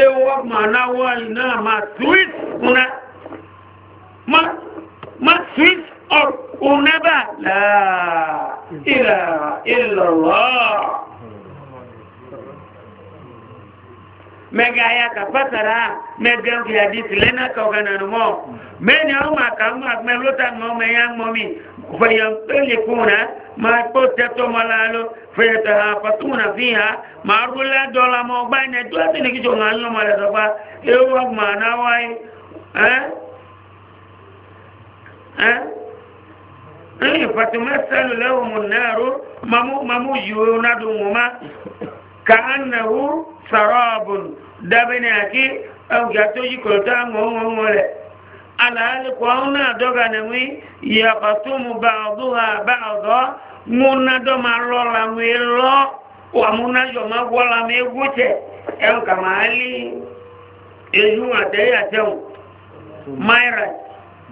ewu ọgbọ̀n náà wọ́n iná ma tuwit fúnra. ma ma switch off unaba la ila illallah mega ya ka pasara mega ngi hadith lena ka kana no mo meni au ma ka ma me lota no me yang mo mi fa yang pele kuna ma ko te to malalo fa ta fa tuna fiha ma rula dola mo ba ne to te ne ki jo ngal no ma da ba e wa ma na wai eh ẹ̀yìn ìfàtìmọ́ sẹ́lù lẹ́wọ̀n mọ̀ náà ró mamú yìí ó nádùn má ka a sarabun dabini aki ọgbà tó yí kòtò àwọn ohun ọmọ rẹ̀ alàálì náà dọ́gà tó mu bá ọdún bá ọ̀dọ́ mú nádọ́ làwọn èlọ́ wà mú wọ́ làwọn ẹ̀ ń kà lé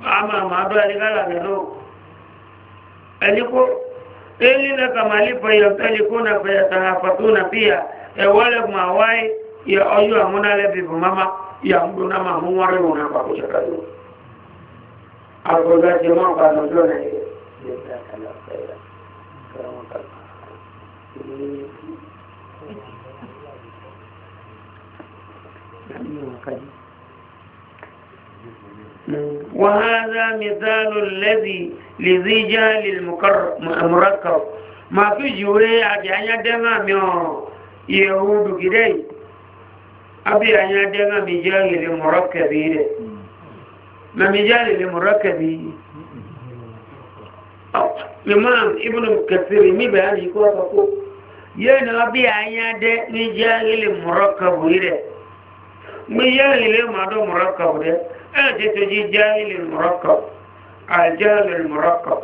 ama mado alikala nalo aliko eli na kamali faya taliko na faya tahafatuna pia e wale mawai ya oyu amuna le bibu mama ya mdu na mamu wari una kwa kushakayo alikoza jema kwa nojona hiyo Thank you. وهذا مثال الذي لذي جهل المركب ما في جوري أبي أنا دما ميو يهود كده أبي أنا دما مجاهل المركب ما مجاهل المركب imam ibn kasiri mi bayani ko ka ko yana bi anya de ni jahil murakkab ire mi jahil ma do murakkab de أنت تجي جاهل المركب الجهل المركب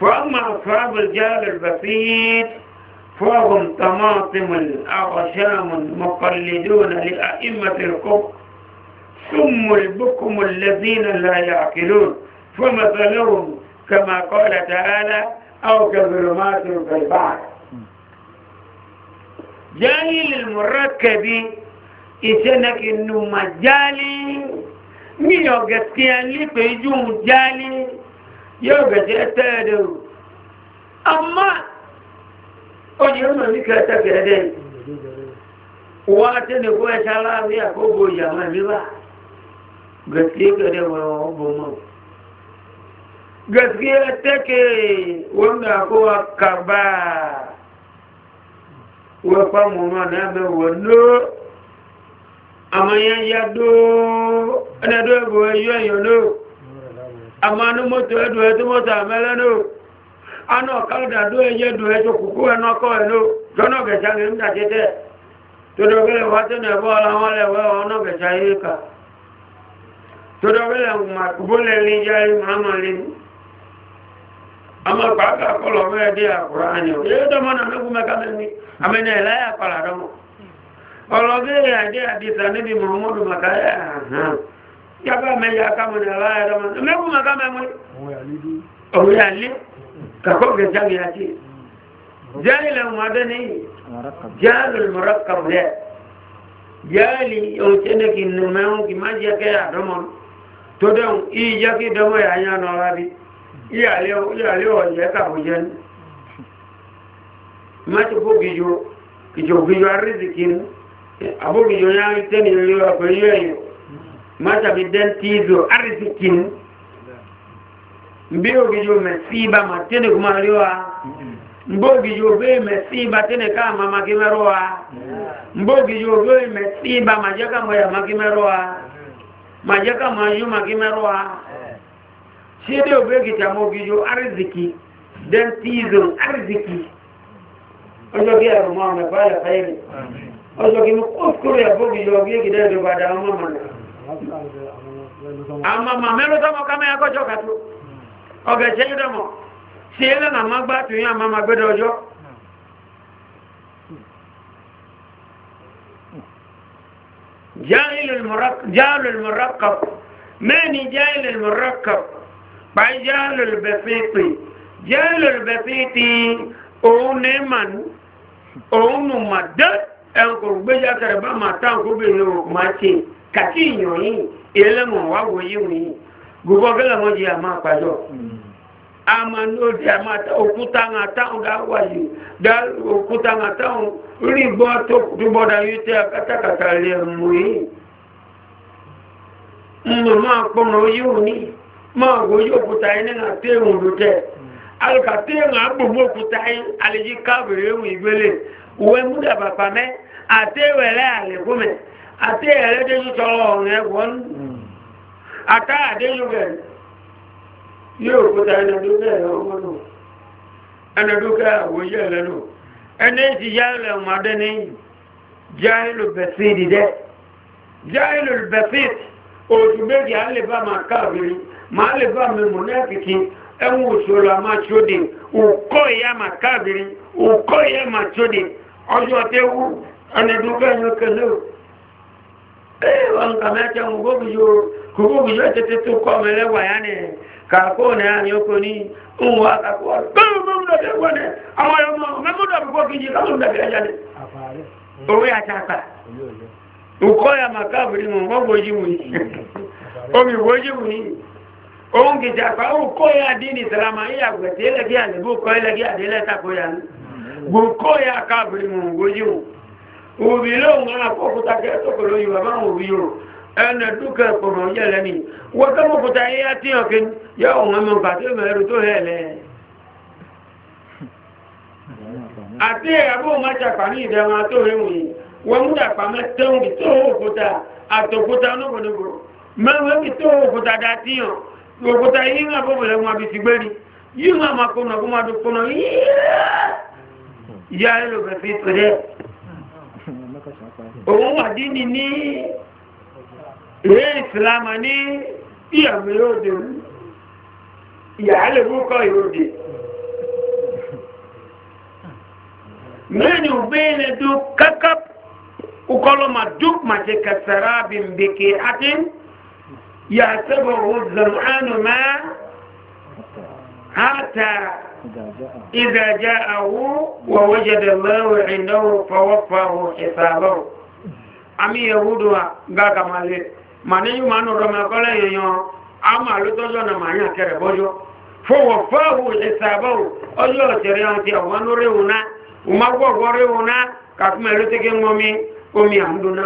فأما أصحاب الجال البسيط فهم طماطم أغشام مقلدون لأئمة الكفر ثم البكم الذين لا يعقلون فمثلهم كما قال تعالى أو كظلمات في البحر جاهل المركب إسنك إنه مجالي mílíọ̀ gẹ̀ẹ́sì lípe ijú ń jálí yóò gẹ̀ẹ́sì ẹ̀tẹ́ ẹ̀dẹ̀ o àmá oye ọmọ ní kẹta gẹ̀ẹ́dẹ̀ wá tẹ́lẹ̀ kó ẹ̀ṣá láàrin àkókò ìyàwó ẹ̀mí bá gẹ̀ẹ́sì gẹ̀ẹ́dẹ̀ wọ̀ ọ́bọ̀ mọ́ gẹ̀ẹ́sì ẹ̀tẹ́kẹ̀ wọ́n mi àkó wa kàbá wọ́n pa mọ́ náà mẹ́wọ̀ lóò àmàyàn ya dóó ẹnẹ́dọ́ ẹ̀bù ẹ̀yọ́ èèyàn náà àmàánú mọ́tò ẹ̀dù ẹ̀tọ́ mọ́tò àmẹ́lẹ́ náà anú ọ̀kálùdà dó ẹ̀yẹ́ dùn ẹ̀tọ́ kùkú ẹ̀nà ọkọ̀ ẹ̀ náà jọ́nà gẹ̀ẹ́sà ní ń dàjẹ́tẹ̀ tọ́dọ̀gbẹ́lẹ̀ wá tẹ́nà ẹ̀bọ́ ọ̀làwọ́ lẹ̀wẹ́ ọ̀nà gẹ̀ẹ́sà yìí kà tọ́dọ̀gbẹ́lẹ̀ màkúbólẹ̀ ní ọlọ́gẹ́rẹ́ àdé àdìsà níbi mọ̀mọ́dù màkà ẹ̀ yàbá mẹ́yà kámọ̀nà láyé rẹ̀ mọ̀nà mẹ́kù màkà mẹ́mọ́ òwe àlé kàkọ́ gẹ̀ẹ́sà mi àti jáìlẹ̀ mọ̀dé ní jáàlù mọ̀rọ̀kàbù rẹ̀ jáàlì òǹtẹ́nẹ́ kì nù mẹ́hún kì má jẹ́ kẹ́ àdọ́mọ́ tó dẹ́hùn ìyí jẹ́ kí dọ́mọ́ yà yàn nọ wá bí ìyàlẹ́ ọ̀yẹ́ kàbù jẹ́ mẹ́tò fún kìjọ kìjọ kìjọ arísìkì nù abúrújọ yá ń tẹ́ ní ilé wa pẹ̀lú ẹ̀yìn mátàbí dẹ́ntíìzò àrísìkìn bí ògìjọ mẹ̀sí ibà mà tẹ́nì kúmà rí wa mbó ògìjọ bẹ́ẹ̀ mẹ̀sí ibà tẹ́nì ká àmà màkí mẹ́rọ wa mbó ògìjọ bẹ́ẹ̀ mẹ̀sí ibà mà jẹ́ ká mọ̀ yà màkí mẹ́rọ wa mà jẹ́ ká mọ̀ ayú màkí mẹ́rọ wa ṣé dé òbẹ́ gìtà mọ̀ ògìjọ àrísìkì dẹ́ntíìzò àrísìkì ọjọ́ bí ẹ̀rọ mọ́ ọ̀nà ọjọ́gí mú kúrò ẹ̀bọ́gì yọ bí ègìdẹ́ ìdò bàdà ọmọ mọ̀nà àmà mà mẹ́lú tọ́mọ kámẹ́ ẹkọ́jọ́ kàtó ọgẹ̀ ṣe é dẹ̀mọ̀ sí ilẹ̀ nà má gbá tùyìn àmà má gbẹ́dẹ̀ ọjọ́ jáàlùl mọ̀rọ́kọ̀ mẹ́ni jáàlùl mọ̀rọ́kọ̀ pàì jáàlùl bẹ̀fẹ́pẹ̀ jáàlùl bẹ̀fẹ́ ti òun ní mànú òun mú mà ẹnkùrù gbéjà kẹrẹ bá máa tán kó bè ní òkú máa ìyàn yìí ẹlẹ́mọ̀ wá wò yí wò yìí gbogbo ọgẹ́lẹ̀ wọn di àmà àpàjọ hmm. àmà lóde àmà òkúta ńà táwọn yìí dá òkúta ńà táwọn rí tó dúbọ́dá yìí lè mú yìí máa yí yìí nínú uwe muda papa me atewele alekume atewele deju tolo onge won ata adeju ge yo kuta na duke omono ana duke woje lelo ene si yale madeni jahilu basidi de jahilu basid ojubeji aleba makabiri ma aleba memunafiki ẹ̀wọ̀n òṣòro àmà tíódì òkọ́ ìyá màkàbìrin òkọ́ ìyá màtíódì ọjọ́ tẹ́wú ẹnìdúgbẹ́ ẹ̀yìn kẹlẹ́ o ee wọn kà mẹ́tẹ́ kòkòkòjò kòkòkòjò tètè tó kọ́ mẹ́lẹ́ wàyá ni kàkó ní àyàn kò ní òun wà kàkó bẹ́ẹ̀ bẹ́ẹ̀ mú dọ̀bẹ̀ wọ́n ni àwọn ọmọ ya mà káàbìrì mọ̀ wọ́n gbòjì wù ní omi òun kìí ya dín ní ẹlẹ́gí àdébò kọ́ ya gbòkó ya káàbìrì mọ̀ wòye o òbí lóhùn náà kọ́kúta kẹ́tọ́kọ̀ lóyún bàbá àwọn òbí yòó ẹnà dúkẹ́ pọ̀mọ̀ yẹ lẹ́ni wọ́n tó mọ̀ kúta yẹ́ tí hàn kí yẹ ọ̀hún ẹmọ bàtí mẹ́rin tó hẹ́ lẹ́ àti ẹ̀yàbó máa jàpá ní ìdẹ́wọ̀n àtòhẹ́wò yìí wọ́n mú jàpá mẹ́tẹ́hùn bí tó òkúta àtòkúta lóbodòbò mẹ́rin bí tó òkúta dá tí hàn òkúta yìí ń àbọ̀bọ̀lẹ̀ wọn àbí ti gbẹ́rí yìí máa máa kọ́nà kó máa dùn kọ́nà yìí ìyá ẹlòmẹ̀ fi tó dẹ́ òun wà dí ni ní ìwé ìsìlámà ní ìyàwó òde ìyá ẹlòmúkọ ìròdè mẹ́rin òbẹ́ẹ̀lẹ̀ tó kákáp ukọlọ́mà dúk màtí kẹsàrà bí n bèkè àti yàtẹ̀bọ̀ òun zàmánù máa hátà إذا جاءه ووجد الله عنده فوفاه حسابه أمي يهودها غاكا مالي màní yóò a máa ló tọ́jọ́ ọ̀nà màá yàn kẹrẹ bọ́jọ́ fọwọ́ fọ́ọ̀hù ìsàbọ̀wò ọjọ́ ọ̀tẹ̀rẹ̀ àti àwọn anúrẹ́wò náà ìmọ̀gbọ̀gbọ̀ rẹ́wò náà kàfíìmọ̀ ẹ̀rọ tẹ́gẹ́ ń wọmi omi àmúdùnà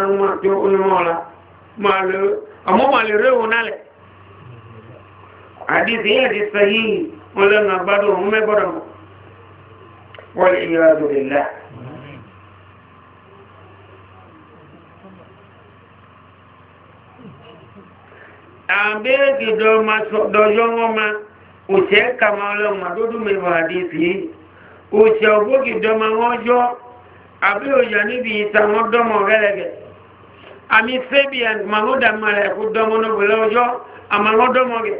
wọ́n lẹ́nu àgbádùn òun mẹ́gbọ́dọ̀ mọ̀ wọ́n lè yíra lórí ilẹ̀ àbẹ́ẹ̀kì dọ́jọ́ wọn ma òṣẹ́ kàmà ọlọ́run àdódú mẹ́wàá àdéfì òṣẹ́ ògbókì dọ́mà wọn jọ àbí òyà níbi ìtàwọn dọ́mọ̀ rẹ́lẹ̀gẹ̀ àmì fabian màlúdàmà rẹ̀ kú dọ́mọ̀ náà pẹ̀lú ọjọ́ àmàlọ́dọ́mọ̀ rẹ̀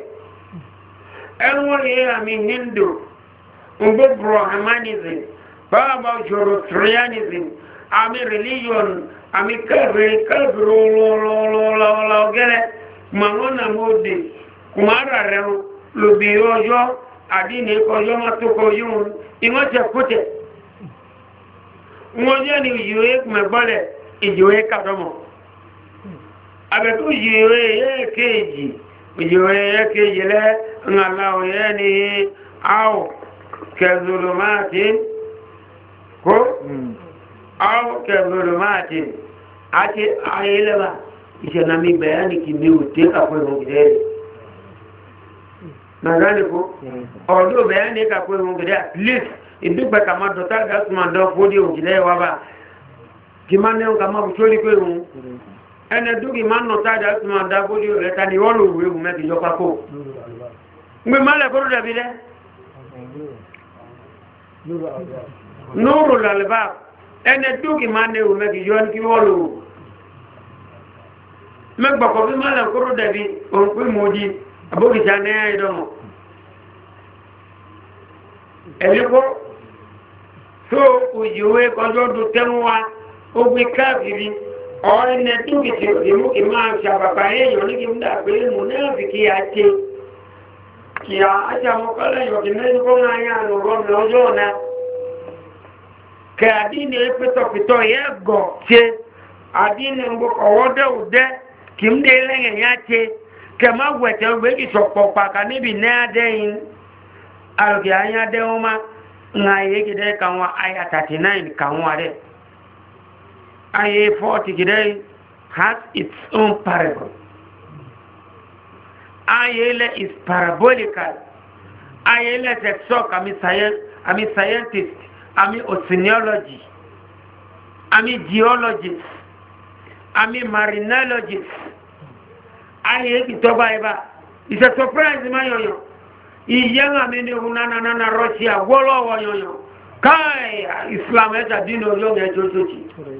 enweghị a hindu mgbe brahmanism baba jụrụ trianism religion ami kafiri kafiri ụlọụlọụlọụlọ ogere ma nọ na mode kumarare lobi ọjọ adịna ọjọ matụkọ yụn ịnọcha kwute wọ́n jẹ́ ni ìyòye mẹ́gbọ́lẹ̀ ìyòye kàdọ́mọ̀ àbẹ̀kú ìyòye yẹ́ kéèjì eji onye ya eke ji le n'ala oyen ihe aw kezudu hmm. maa ti ati aye ile ba na mi be ya ni kwe mụ na gaa n'ikwu ọ dụ be ya ni ka kwe mụ dịa litre ị dụkpa kama dọ taga suma dọ kpọdụ ba k'i ma na iwu ka kwe mụ. ẹni dúkì máa nọ táàdà tó máa dá bóde rẹ̀ ta ni wọ́n lò wúrẹ́ mú mẹ́kì yọpa kó gbé má lẹ̀ kóró dàbí dẹ́ nóòrò làlùbá ẹni dúkì máa nẹ́wò mẹ́kì yọ ní kí wọ́n lò mẹ́gbàkọ̀ bí má lẹ̀ kóró dàbí òun pé mo di abókìtà ní tó òjìwé kọjọ́ dùn tẹ́wọ́n ó gbé káàkiri ọ̀rẹ́ ní ẹtú kìtì òdì mú kì máa ṣàpàpà èèyàn ní kí dà pé mò náà fi kí a ṣe kì ìyọ̀kì mẹ́rin máa yá mi náà kẹ àdínì pẹ̀tọ̀pẹ̀tọ̀ yẹ gọ̀ ṣe àdínì ń dé lẹ́yìn yá ṣe kẹ má sọ̀pọ̀ pàkà níbi náà dẹ́yìn ia 40 today has its own parable. Ayele is parabolical. Ayele is a shock. I'm a, science, I'm a scientist. I'm a oceanology. I'm a geologist. I'm a marinologist. Ayé ìtọ́ba ẹ̀bá. It's a surprise my yọ̀yọ̀. Ìyẹn àmì ni òun na na na Russia wọ́lọ́wọ́ yọ̀yọ̀. Káà Islam ẹ̀ta dín ní ojú ẹjọ́ tó ti.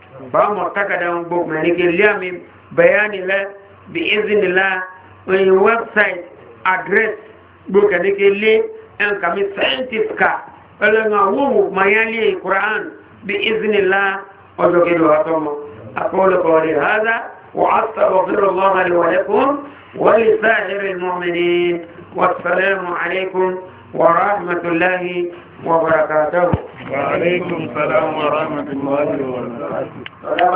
ba mu takada mu bo mani ke liya mi bayani la bi iznillah on website address bo ka ke le en ka mi scientist ka ala nga wo ma ya li qur'an bi iznillah o do ke do atomo aqulu qawli hadha wa astaghfiru allah li wa lakum ولسائر المؤمنين والسلام عليكم ورحمة الله وبركاته وعليكم السلام ورحمة الله وبركاته